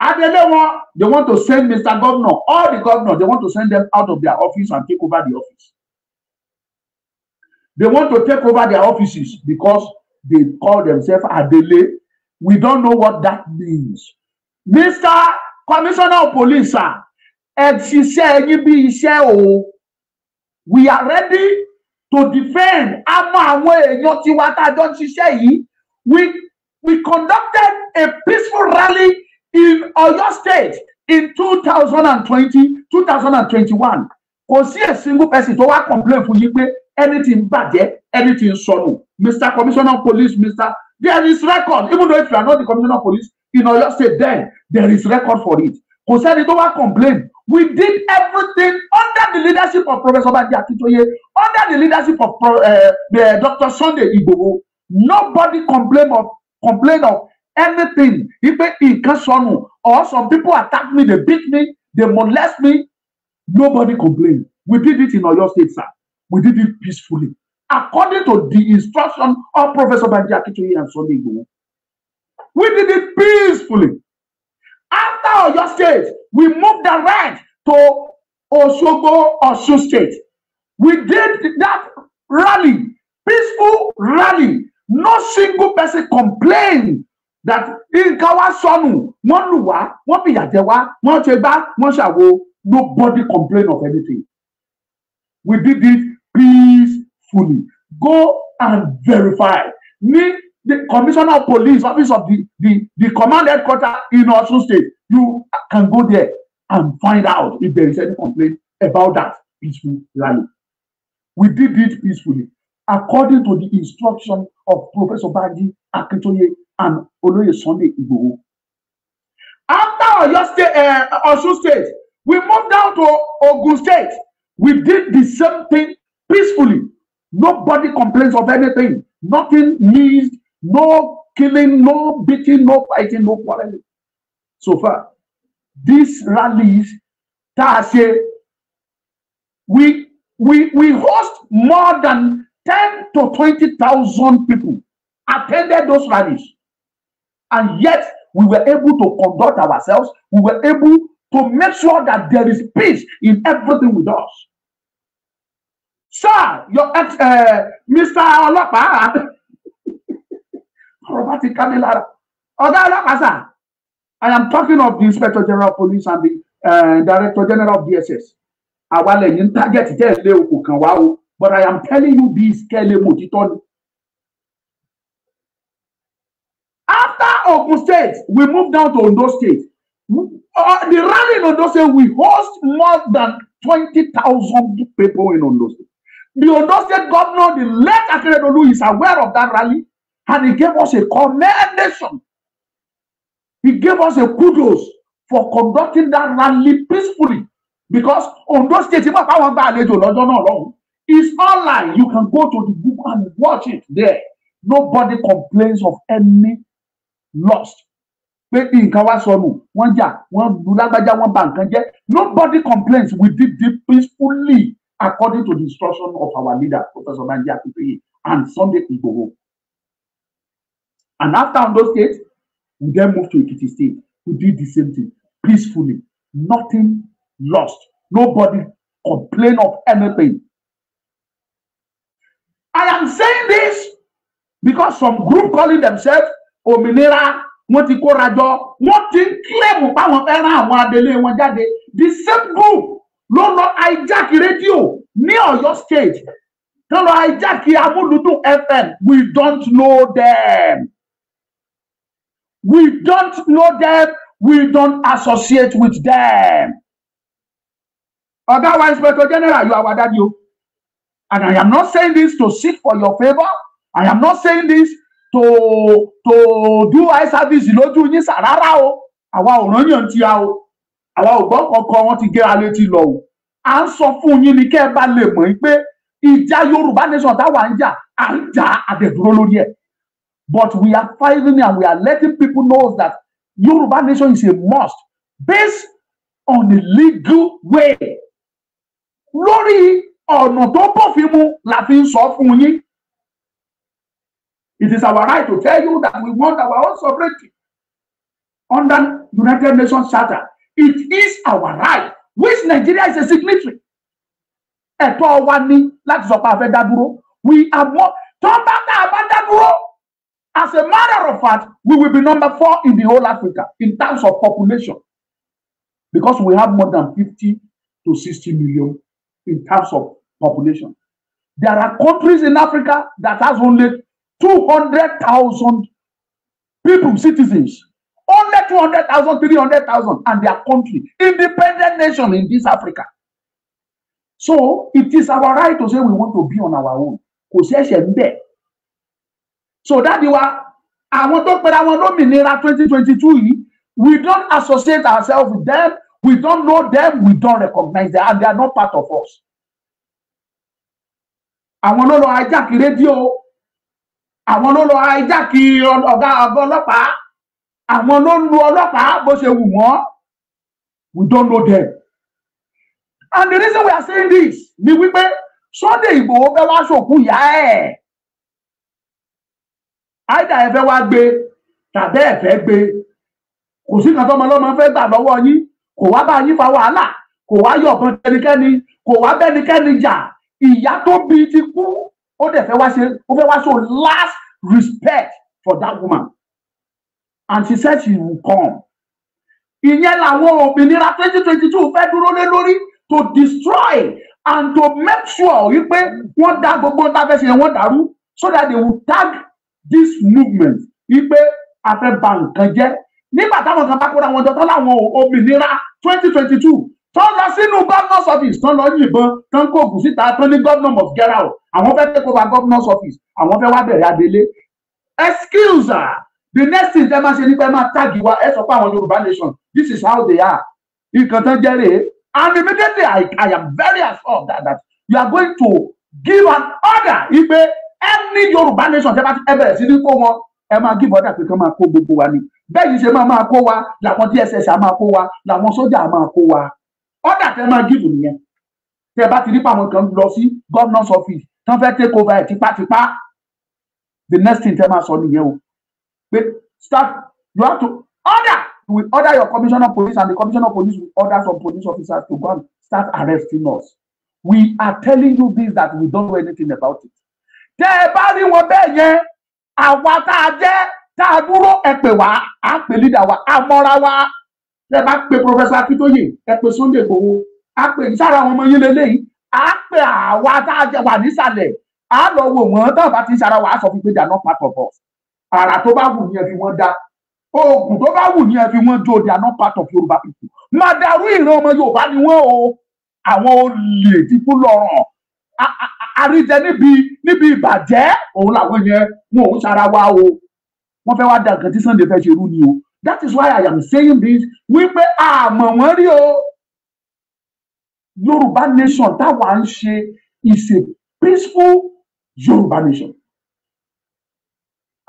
And Adele want they want to send Mr. Governor, all the governor, they want to send them out of their office and take over the office. They want to take over their offices because they call themselves Adele. We don't know what that means. Mr. Commissioner of Police, sir, we are ready to defend àmọ́ àwọn èèyàn tiwa tá a jọ ń ṣiṣẹ́ yìí. We we conducted a peaceful rally in Oyo State in two thousand and twenty two thousand and twenty-one kò sí a single person tó wá complain fún yín pé anything bàjẹ́ anything sọnù Mr. Commissioner of Police Mr. there is record even though if you are not the Commissioner of Police in Oyo State then there is record for it kò sẹ́ni tó wá complain we did everything under the leadership of Professor Banji Akintoye under the leadership of uh, uh, Dr. Sunday Igboho nobody complain of complain of anything even in sọnù or some people attack me they beat me they molest me nobody complain we did it in oyo state sir we did it peacefully according to the instruction of professor banji akintoye and sunday igboho we did it peacefully after oyo state we moved the right to osogbo osun state we did that rally peaceful rally no single person complained that nǹkan wá sọnù wọ́n lù wá wọ́n fìyà jẹ wá wọ́n ṣe gbá wọ́n ṣàwo nobody complain of anything we did it peacefully go and verify ní the commissioner of police office of the the the command headquarter in Osun state you can go there and find out if there is any complaint about that peaceful rally we did it peacefully according to the instruction of Professor Banji Akintoye and Oloye Sunday Igboho. After Oyo State, uh, eh, Osun State, we moved down to Ogun State. We did the same thing peacefully. Nobody complains of anything. Nothing missed, no killing, no beating, no fighting, no quarreling. So far, these rallies, Tase, we, we, we host more than 10 to 20,000 people attended those rallies and yet we were able to conduct ourselves we were able to make sure that there is peace in everything with us sir your ex uh, mr ọlọ́pàá <laughs> ọ̀rọ̀ bá ti ká sir i am talking of the inspector general of police and the uh, director general of dss àwa lẹ́yìn target jẹ ilé okò kan wá o but i am telling you this kẹlẹ mo títọ ni Ogun State, we move down to Ondo State. Uh, the rally in Ondo State, we host more than twenty thousand people in Ondo State. The Ondo State governor, the late Akeredolu, is aware of that rally and he gave us a commendation. He gave us a kudos for conducting that rally peacefully because Ondo State, if I want to go to Ondo is online. You can go to the book and watch it there. Nobody complains of any lost pé nǹkan wá sọnù wọ́n jà wọ́n lu lágbájá wọ́n bà nǹkan jẹ́ nobody complains we did this peacefully according to the instruction of our leader Professor Banji Akintoye and Sunday Igboho and after Ondo State we then moved to Ekiti State we did the same thing peacefully nothing lost nobody complain of anything I am saying this because some group calling themselves òmìnira wọ́n ti kóra jọ wọ́n ti ń kílẹ̀mù páwọn fẹ́ rán àwọn adelé wọn jáde the same group ló lọ hijack rédíò ní Ọ̀yọ́ state tó lọ hijack amúlùdùn fm we don't know them we don't know them we don't associate with them ọ̀gá wa inspector general you are our daddy o and i am not saying this to seek for your favour i am not saying this tó tó do eye service lójú yín sà rárá o àwa ò rán yàn ti a o àwa ò gbọ́ kankan wọ́n ti gé wa létí lọ o à ń sọ fún yín ni kẹ́ ẹ bá lè mọ̀ pé ìjà Yorùbá nation táwa ń jà à ń jà àdẹ̀dúró lórí ẹ̀ but we are fighting and we are letting people know that Yoruba nation is a must based on a legal way. Lórí ọ̀nà tó bófin mu la fi ń sọ fún yín. It is our right to tell you that we want our own sovereignty under United Nations Charter. It is our right, which Nigeria is a signatory. Ẹ̀tọ́ wa ni láti sọ pé a fẹ́ dá dúró. We are more tọ́ba tá a bá dá dúró. As a matter of fact, we will be number four in the whole Africa in terms of population because we have more than fifty to sixty million in terms of population. There are countries in Africa that has only 200,000 people, citizens. Only 200,000, 300,000, and their country. Independent nation in this Africa. So it is our right to say we want to be on our own. Kò there. So that you are àwọn tó pẹ̀lú àwọn lómìnira twenty twenty two yìí we don't associate ourselves with them we don't know them we don't recognize them and they are not part of us. Àwọn ló lọ ajá kí rédíò àwọn ló lọ ajáàkì ọ̀gá àgọ́ ọlọ́pàá àwọn ló ń lu ọlọ́pàá bó ṣe wù wọ́n we don't know them and the reason we are saying this ni wípé Sunday Igboho fẹ́ wá ṣòkú ìyá ẹ̀ àìdá ẹ fẹ́ wá gbé tàbí ẹ fẹ́ gbé kò sí kan tọmọ lọ́mọ fẹ́ gbà lọ́wọ́ yín kò wá bá yín fa wàhálà kò wá yọ̀bọ̀n tẹnikẹ́ni kò wá bẹ́nikẹ́ni jà ìyá tó bí ti kú ó dẹ̀ fẹ́ wá ṣe ó fẹ́ wá show last respect for that woman and she said she will come ìyẹn làwọn òmìnira twenty twenty two fẹ́ dúró lé lórí to destroy and to make sure wípé wọ́n dá gbogbo ń tábẹ́ sí yẹn wọ́n dàrú so that they will tag this movement wípé a fẹ́ ba nǹkan jẹ́ nígbà táwọn kan bá kóra wọn jọ tán láwọn òmìnira twenty twenty two tó lọ sínú governor's office tó lọ yìnbọn tó ń kóògùn síta tó ní governor of get out àwọn fẹ́ take over governor's office àwọn fẹ́ wá bẹ̀rẹ̀ adelé excuse her the next thing ẹ máa ṣe nípa ẹ máa tagi wa ẹ sọ pé àwọn yorùbá nation this is how they are nǹkan tán jẹ́ rèé and immediately I, I am very assured that, that you are going to give an order ipe any yorùbá nation tẹ́ bá ti bẹ̀rẹ̀ sí ní kó wọn ẹ máa give order pé kí wọ́n máa kó gbogbo wa ni bẹ́ẹ̀ yìí ṣe máa máa kó wa làwọn dss á máa kó wa làwọn sójà á máa kó wa ọ̀dà tẹ máa gíìbù nìyẹn tẹ bá ti rí pàmò kan lọ sí governor's office tán fẹ́ take over ẹ̀ tipátipá the next thing tẹ máa sọ nìyẹn o pé start you have to order you will order your commissioner of police and the commissioner of police will order some police officers to go and start arresting us we are telling you this that we don't know anything about it tẹ bá rí wọn bẹ́ẹ̀ yẹn àwa tá a jẹ́ tá a dúró ẹ pè wá à pè lídà wa àmọ́ra wa lẹ bá pe professor akitoye ẹ pe sunday gbowó a pè ní sára àwọn ọmọ yín lélẹyìí a pè àwa tá a wà nísàlẹ̀ a lọ wò wọn tá a bá ti ń sara wa sọ fún pé they are not part of us àrà tó bá wù ní ẹbí wọn dá oògùn tó bá wù ní ẹbí wọn jó they are not part of yorùbá people màdàrú ìran ọmọ yorùbá ni wọn o àwọn olè ti kú lọ́rùn àríjẹ níbi níbi ìbàjẹ́ òun làwọn yẹn wọn ò ń sara wa o wọn fẹ́ wá da nǹkan tí sunday fẹ́ ṣe rú ni o that is why i am saying this wípé àmọ̀ wọ́n rí o yorùbá nation That ń ṣe is a peaceful yorùbá nation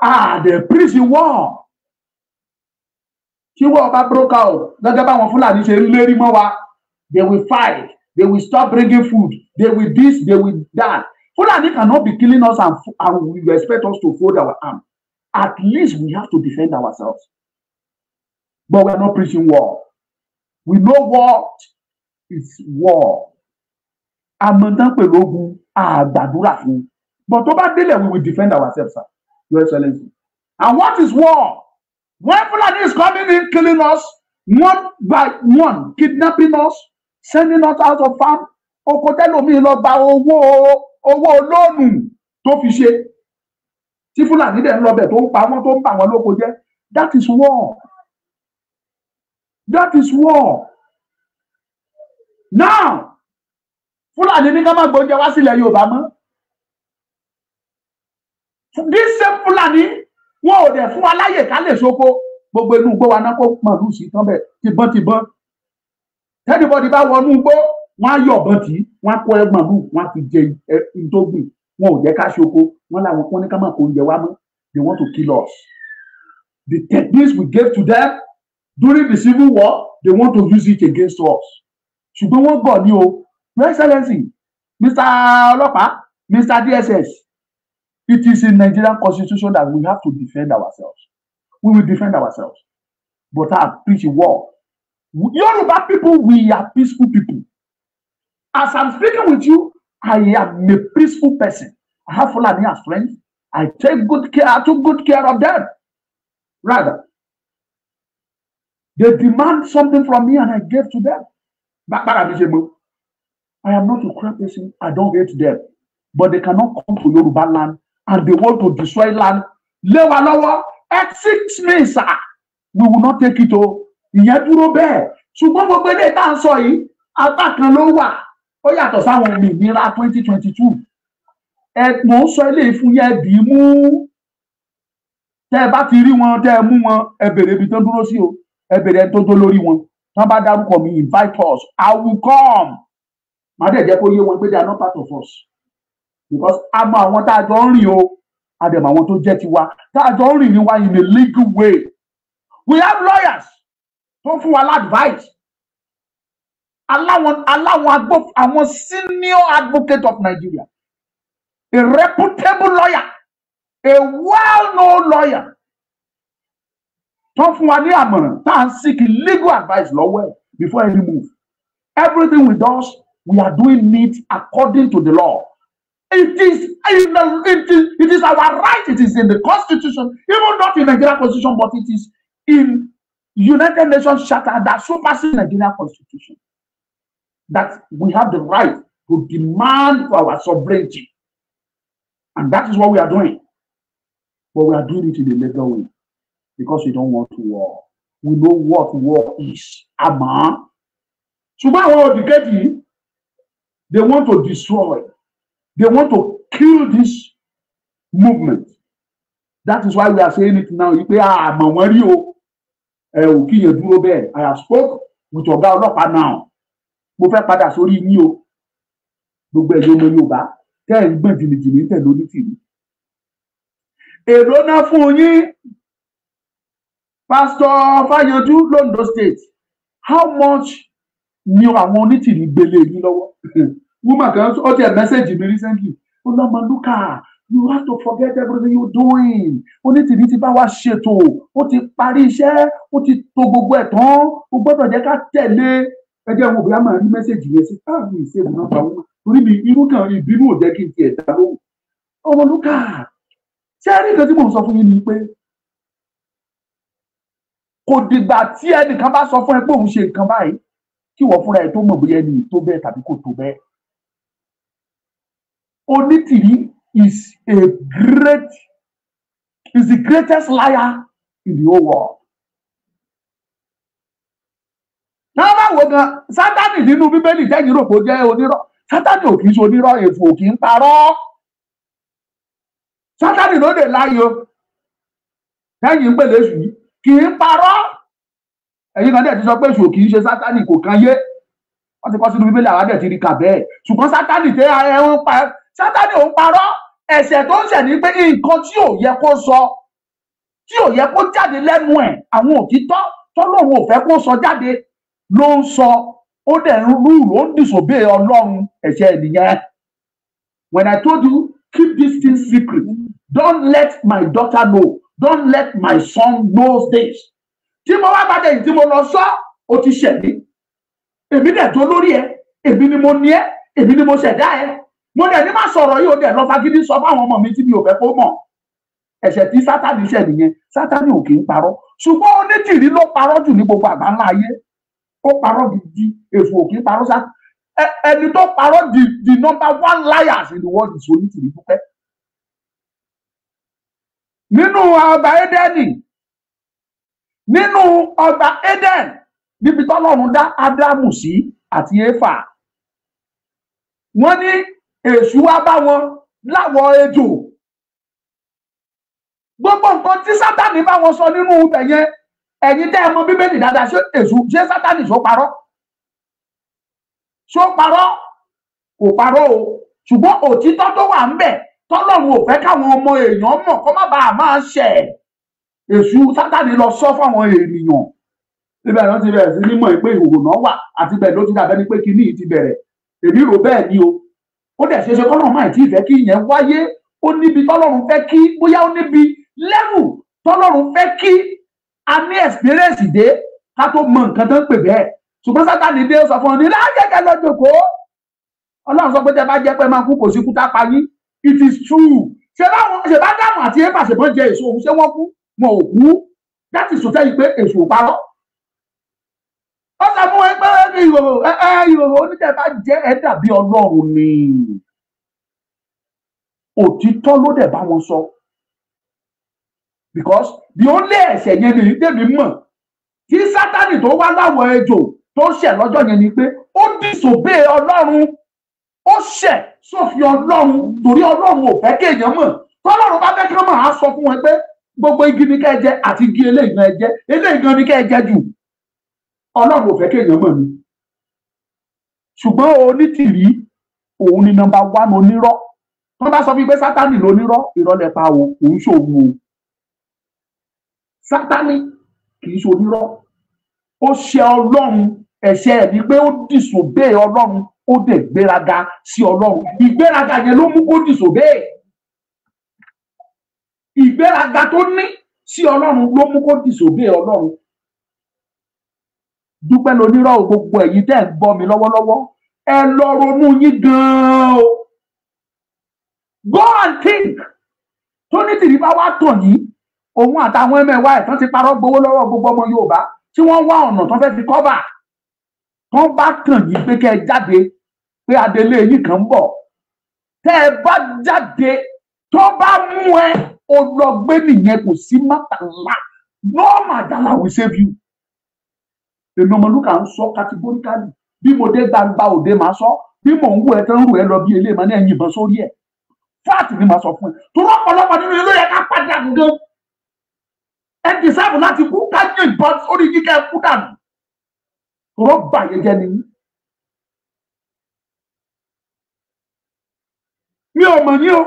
Ah, the prison wọ́n kí wọ́n bá broke out gẹ́gẹ́ báwọn fúlàní ṣe ń lérí mọ́ wa they will fight they will stop bringing food they will this they will that fúlàní cannot be killing us and, and we expect us to fold our arm at least we have to defend ourselves. But we're not preaching war. We know what is war. Àmọ̀tán pẹ̀lú ogun àgbàdúrà fún. But tó bá délẹ̀ we will defend ourselves, sir. Your Excellency. And what is war? When Fulani is coming in, killing us, one by one, kidnapping us, sending us out of farm, oko tẹ́lòmíì lọ gba owó owó lóònù tó fi ṣe. Tí Fulani dẹ̀ ń lọ bẹ̀ tó ń pa wọ́n tó ń pa wọ́n lóko jẹ́. That is war. That is war. Now, Fulani ní ká má gbóúnjẹ wá sílẹ̀ Yorùbá mọ́. This same Fulani wọn ò dẹ̀ fún wa láyè ká lè ṣoko gbogbo inú igbó wa náà kó mọ̀lú sí tán bẹ́ẹ̀ tìbọ́ntìbọ́n. Tẹ́nibọ́dì bá wọnú igbó wọn á yọ̀bọ̀n tì í wọn á kó ẹgbọ̀n lù wọn á fi jẹ ìdógbìn wọn ò jẹ́ ká ṣoko wọn làwọn kún ní ká má kó oúnjẹ wá mọ́. They want to kill us. The techniques we gave to them during the civil war they want to use it against us ṣùgbọ́n wọ́n gbọ́ ní o your excellency mr ọlọ́pàá mr dss it is in nigerian constitution that we have to defend ourselves we will defend ourselves but i preach war yoruba people we are peaceful people as i'm speaking with you i am a peaceful person i have fulani as friends i take good care i took good care of them rather They demand something from me and I gave to them. I am not a crap person. I don't hate them. But they cannot come to Yoruba land and they want to destroy land. Lewa lawa, exit me, sir. We will not take it all. Oh. Ìyẹn dúró bẹ́ẹ̀. Ṣùgbọ́n gbogbo ilé ìta ń sọ yìí, apá kan ló wà. Ó yàtọ̀ sáwọn òmìnira twenty twenty two. Ẹ mò ń sọ eléyìí fún yẹn dì mú. Tẹ́ ẹ bá ti rí wọn, tẹ́ ẹ mú wọn, ẹ bèrè ibi tó dúró sí o ẹ bèrè ẹni tó tó lórí wọn tán bá dárúkọ mi invite us i will come màá dẹ̀ jẹ́ kó yé wọn pé they are not part of us because a mọ àwọn tá a jọ ń rìn o a dẹ̀ mọ àwọn tó jẹ́ tiwa tá a jọ ń rìn ní wa in a legal way we have lawyers tó fún wa ládùváìsì aláwọn aláwọn agbóf àwọn senior advocate of Nigeria a reputable lawyer a well-known lawyer Don't fún wa ní àmọ̀ràn seek legal advice lọ́wọ́ before any move everything we do we are doing it according to the law it is in the it is, it is our right it is in the constitution even not in Nigeria constitution but it is in United Nations charter that supersedes Nigeria constitution that we have the right to demand for our sovereignty and that is what we are doing but we are doing it in a legal way because we don't want to war we know what war is àmọ́ ṣùgbọ́n àwọn òdìkejì yìí they want to destroy they want to kill this movement that is why we are saying it now pé ah, àmọ́ wọn rí o ẹ ò I have spoke with ọ̀gá ọlọ́pàá now mo fẹ́ padà sórí yín o gbogbo ẹ̀yọ́ ọmọ Yorùbá tẹ́ ẹ̀ ń gbọ̀n jìnnìjìnnì tẹ̀ lónítìrí èló náà fún yín Pastor Fayanju londo state how much ni àwọn onítìrí gbélé yín lọ́wọ́ <laughs> woman kan ó tiẹ̀ mẹ́sẹ̀gì mi recently ó lọ́mọ lúkà you have to forget everything you doing onítìrí ti bá wa ṣètò ó ti parí iṣẹ́ ó ti to gbogbo ẹ̀ tán o gbọ́dọ̀ jẹ́ ká tẹ̀lé ẹ jẹ́ wo bí a máa rí mẹ́sẹ̀gì yẹn sí káàmì ìṣègùn náà bá wọn torí mi irú kan ìbínú ò jẹ́ kí n tiẹ̀ dá lóhùn ọmọ lúkà ṣé ẹ rí nǹkan tí mò ń sọ fún yín ni pé kò dìgbà tí ẹnìkan bá sọ fún ẹ pé òun ṣe nǹkan báyìí kí wọ́n fúnra ẹ tó mọ̀ bóyá ẹni tó bẹ́ẹ̀ tàbí kò tó bẹ́ẹ̀. onítìrí is a great is the greatest liar in the whole world. náà bá wo gan sátani nínú bíbélì jẹ́yìn rò pé ó jẹ́ onírọ́ sátani ò kì í ṣe onírọ́ èfò ò kì í parọ́ sátani ló dé láyò jẹ́yìn pèlè sùn kì í parọ́ ẹ̀yin kan dẹ̀ ti sọ pé èṣù kì í ṣe sátani kò kan yé wọ́n ti kọ́ sínú bíbélì àwọn dẹ̀ ti rí kà bẹ́ẹ̀ ṣùgbọ́n sátani tẹ ẹ̀hún pa sátani òun parọ́ ẹ̀ṣẹ̀ tó ń ṣẹ̀ ní pé nǹkan tí ò yẹ kó sọ tí ò yẹ kó jáde lẹ́nu ẹ̀ àwọn òtítọ́ tọ́lọ́run ò fẹ́ kó sọ jáde ló ń sọ ó dẹ̀ ń rúùrù ó ń dìsòbé ọlọ́run ẹ̀ṣẹ̀ nìyẹn when I told you keep this thing secret don't let my daughter know don't let my son know this tí mo wá bàjẹ́ yìí tí mo lọ sọ ó ti ṣẹ̀mí èmi dẹ̀ tó lórí ẹ èmi ni mo ní ẹ èmi ni mo ṣẹ̀dá ẹ mo dẹ̀ ní má sọ̀rọ̀ yìí ó dẹ̀ lọ́ fagídí sọ fáwọn ọmọ mi tí mi ò fẹ́ kó mọ̀ ẹ̀ṣẹ̀ tí sátani ṣẹ̀ nìyẹn sátani ò kì í parọ́ ṣùgbọ́n oníjìrí ló parọ́ jù ní gbogbo àgbáńlá ayé ó parọ́ gidi èfò ò kì í parọ́ sá ẹni tó parọ́ di the number one liars in the world is only onítìrí dúpẹ́ nínú ọgbà Édẹ́nì nínú ọgbà Édẹ́n níbi tọ́lọ́run dá Ádámù sí àti Éfà wọ́n ní èṣù wá bá wọn láwọ̀ ejò gbogbo nǹkan tí Sátánì bá wọn sọ nínú ibẹ̀ yẹn ẹ̀yin tẹ́ ẹ mọ̀ Bíbélì dáadáa ṣé èṣù ṣé Sátánì ṣó parọ́ ṣó parọ́ kò parọ́ o ṣùgbọ́n òtítọ́ tó wà ń bẹ̀ tọ́lọ́run ò fẹ́ káwọn ọmọ èèyàn mọ̀ kó má bàa máa ṣẹ̀ èṣù sátani lọ sọ fáwọn ènìyàn ibẹ̀ ló ti bẹ̀rẹ̀ sí ní mọ̀ pé ìhòòhò náà wà àti bẹ́ẹ̀ ló ti dàbẹ́ ni pé kinní yìí ti bẹ̀rẹ̀ èmi rò bẹ́ẹ̀ ni o ó dẹ̀ ṣeéṣe kọ́lọ́run máa tí ì fẹ́ kí ìyẹn wáyé ó níbi tọ́lọ́run fẹ́ kí bóyá ó níbi lẹ́rù tọ́lọ́run fẹ́ kí a ní experience dé ká tó mọ nǹkan tó ń pè bẹ́ẹ̀ ṣùgbọ́n sátani dé sọ fún ọ ní lájẹkẹ lọ jòkó Ọlọ́run sọ pé tẹ bá jẹ pé máa kú kò sí kú tá pa yín it is true ṣe báwọn ṣe bá dáàmú àti ébà ṣe bọ́n jẹ èso òun ṣé wọ́n kú wọn ò kú láti sòtẹ́ yìí pé èso parọ́ ó sọ fún wọn pé ní ìhòòhò ẹ ẹ ìhòòhò oníjẹ bá jẹ ẹ dàbí ọlọ́run ni òtítọ́ ló dẹ̀ bá wọn sọ because the only ẹ̀ṣẹ̀ yẹn ni débi mọ̀ tí sátani tó wá láwọn ejò tó ṣẹ̀ lọ́jọ́ yẹn ni pé ó disobey ọlọ́run ó ṣẹ̀ sófin ọlọ́run torí ọlọ́run ò fẹ́ kéèyàn mọ̀ tọ́lọ́run bá fẹ́ kí wọ́n máa sọ fún wọn pé gbogbo igi ni kẹ́ ẹ jẹ àti igi eléyìí náà ẹ jẹ eléyìí gan ni kẹ́ ẹ jẹ jù ọlọ́run ò fẹ́ kéèyàn mọ̀ ni ṣùgbọ́n onítìrí òun ni nọ́mbà wán onírọ́ wọ́n bá sọ fún mi pé sátani lónírọ́ ìrọ́lẹ̀ pa o òun ṣòwò o sátani kì í ṣonírọ́ ó ṣe ọlọ́run ẹ̀ṣẹ̀ ẹ̀ ni pé ó disobey ọlọ́run ó dẹ̀ gbéraga sí ọlọ́run ìgbéraga yẹn ló mú kó dìsòbé ìgbéraga tó ní sí ọlọ́run ló mú kó dìsòbé ọlọ́run dúpẹ́ lónírọ̀ gbogbo èyí tẹ́ ń gbọ́ mi lọ́wọ́lọ́wọ́ ẹ lọ ronú yín gan-an o go and think tónítìrí bá wá tàn yín òun àtàwọn ẹmẹ̀wá ẹ̀ tán ti parọ́ gbowó lọ́wọ́ gbogbo ọmọ Yorùbá tí wọ́n wá ọ̀nà tán fẹ́ fi kọ́bà tán bá tàn yín pé kẹ́ ẹ jáde pé adelé yìí kan ń bọ̀ tẹ́ ẹ bá jáde tó bá mú ẹ o lọ gbé nìyẹn kò sí mátàlá no madala we save you èmi Ọmọlúkà ń sọ categorically bí mo dé gbangba òde màá sọ bí mò ń wù ẹ tán rù ẹ lọ bí eléyìí máa ní ẹ̀yìn ìbọn sórí ẹ fáàtì ni màá sọ fún ẹ tòrọ ọ̀pọ̀lọpọ̀ nínú ilé yẹn ká padà gan ẹ dìsáàbù láti kú ká yín ìbọn sórí yín ká ẹ kú dànù tòrọ bàyẹjẹ nìyí mi ò mọ̀ ní o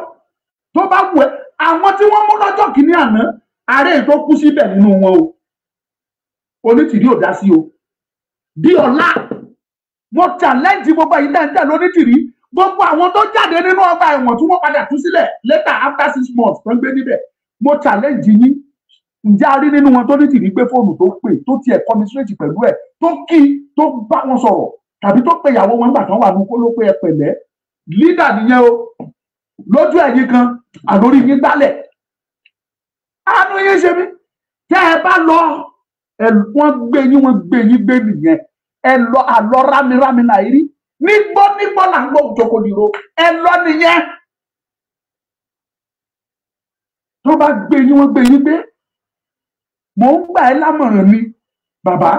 tó bá wù ẹ́ àwọn tí wọ́n mú lọ́jọ́ kìíní àná àárẹ̀ tó kú síbẹ̀ nínú wọn o onítìrí ò dá sí o bí ọ̀la mo challenge gbogbo àyíká ẹ̀jẹ̀ lónítìrí gbogbo àwọn tó jáde nínú ọgbà ẹ̀wọ̀n tí wọ́n padà tú sílẹ̀ later after six months tó ń gbé níbẹ̀ mo challenge yín ǹjẹ́ a rí nínú wọn tó ní tìrí pé fóònù tó pè tó tiẹ̀ commiserate pẹ̀lú ẹ̀ tó kí tó bá wọn sọ̀rọ̀ tàbí tó pe ìyàwó wọn nígbà tán wà ní kó ló pé ẹ pẹ̀lẹ́ leader nìyẹn o lójú ẹ̀yìn kan àlórí yín gbálẹ̀ àánú yín ṣe mí tẹ́ ẹ bá lọ wọ́n gbé yín wọ́n gbé yín gbé nìyẹn ẹ lọ àlọ́ rámirámi náà rí nígbọ́ nígbọ́ là ń gbọ́ òjòkó nìro ẹ lọ nìyẹn tó bá gbé yín wọ́n gbé yín gbé mò ń gbà ẹ́ lámọ̀ràn mi bàbá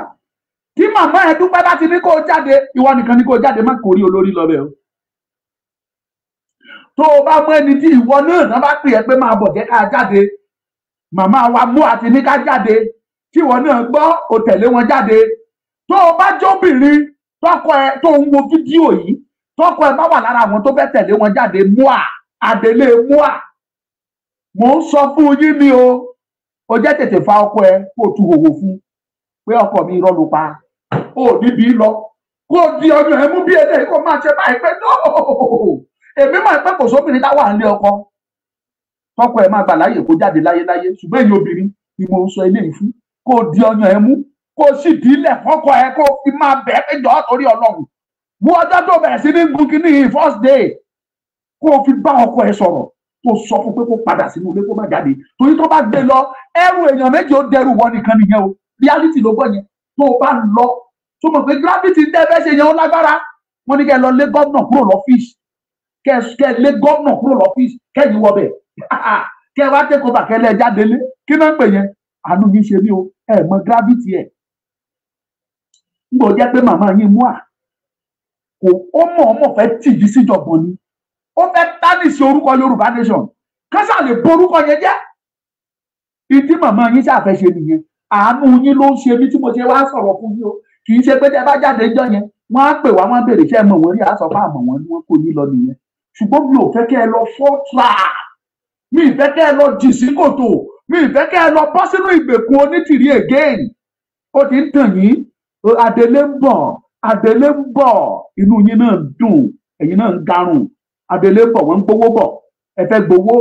tí màmá ẹ dúpẹ́ láti ní kó o jáde ìwọ nìkan ní kó o jáde má kò olórí lọ bẹ́ẹ̀ o tó o bá mọ ẹni tí ìwọ náà náà bá pè ẹ́ pé máa bọ̀ jẹ́ ká jáde màmá wa mú àti ní ká jáde tí ìwọ náà gbọ́ o tẹ̀lé wọn jáde tó o bá jóbìnrin tọkọ ẹ tó ń wo fídíò yìí tọkọ ẹ bá wà lára àwọn tó fẹ́ tẹ̀lé wọn jáde mua àdélé mua mò ń sọ fún yín ni o o jẹ́ tètè fa ọkọ ẹ kó o tu òwò fún pé ọkọ mi irọ́ ló pa o níbi lọ kó o di ọyàn ẹ mú bí ẹdẹ kó máa ṣe báyìí pé nóò èmi mọ̀ pé kò sóbìnrin táwa ń lé ọkọ tọkọ ẹ̀ máa gbà láàyè kó jáde láyéláyé ṣùgbọ́n èyí obìnrin ni mo sọ eléyìí fún kó di ọyàn ẹ mú kó sì dílẹ̀ kọ́kọ ẹ kó fi máa bẹ̀ ẹ́ jọ torí ọlọ́run mú ọjọ́ tó bẹ̀rẹ̀ sí ní gun kínní first day kó o fi bá ọkọ ẹ sọ̀rọ̀ kó o sọ fún pé kó padà sínú ilé kó má jáde torí tó bá gbé lọ ẹrù èèyàn méje ó dẹrù wọn nìkan nìyẹn o reality ló gbọ́ yẹn tó o bá lọ tó mọ̀ pé gravity tẹ́ fẹ́ ṣe yẹn ó lágbára wọ́n ní kẹ́ ẹ lọ lé gómìnà kúrò lọ́fíìsì kẹ kẹ lé gómìnà kúrò lọ́fíìsì kẹyìn wọbẹ kẹ wá tẹkọ bà kẹlẹ jáde lé kí náà pè yẹn àánú mi ṣe mí o ẹ mọ gravity ẹ n kò jẹ pé màmá yín mú à kò ó mọ̀ ọmọ fẹ́ tìjú síjọ̀gbọ̀n ni ó fẹ́ tánìsì orúkọ Yorùbá nation kásà lè borúkọ yẹn jẹ́ ìdí màmá yín ṣàfẹ́ ṣe nìyẹn àánú yín ló ń ṣe mí tí mo ṣe wá sọ̀rọ̀ fún yín o kì í ṣe pé tẹ bá jáde jọ yẹn wọ́n á pè wá wọ́n á béèrè iṣẹ́ mọ̀ wọ́n rí àá sọ fún àmọ̀ wọn ni wọ́n kò ní lọ nìyẹn ṣùgbọ́n mi ò fẹ́ kẹ́ ẹ lọ fọ́ tra mi ì fẹ́ kẹ́ ẹ lọ jì sí kòtò mi ì fẹ́ kẹ́ ẹ lọ bọ́ sínú ìgbèkùn onítìrí again ó ti ń tàn yín adélé ń bọ̀ adélé ń bọ̀ inú yín náà ń dùn ẹ̀yin náà ń garùn adélé ń bọ̀ wọ́n ń gbowó bọ̀ ẹ fẹ́ gbowó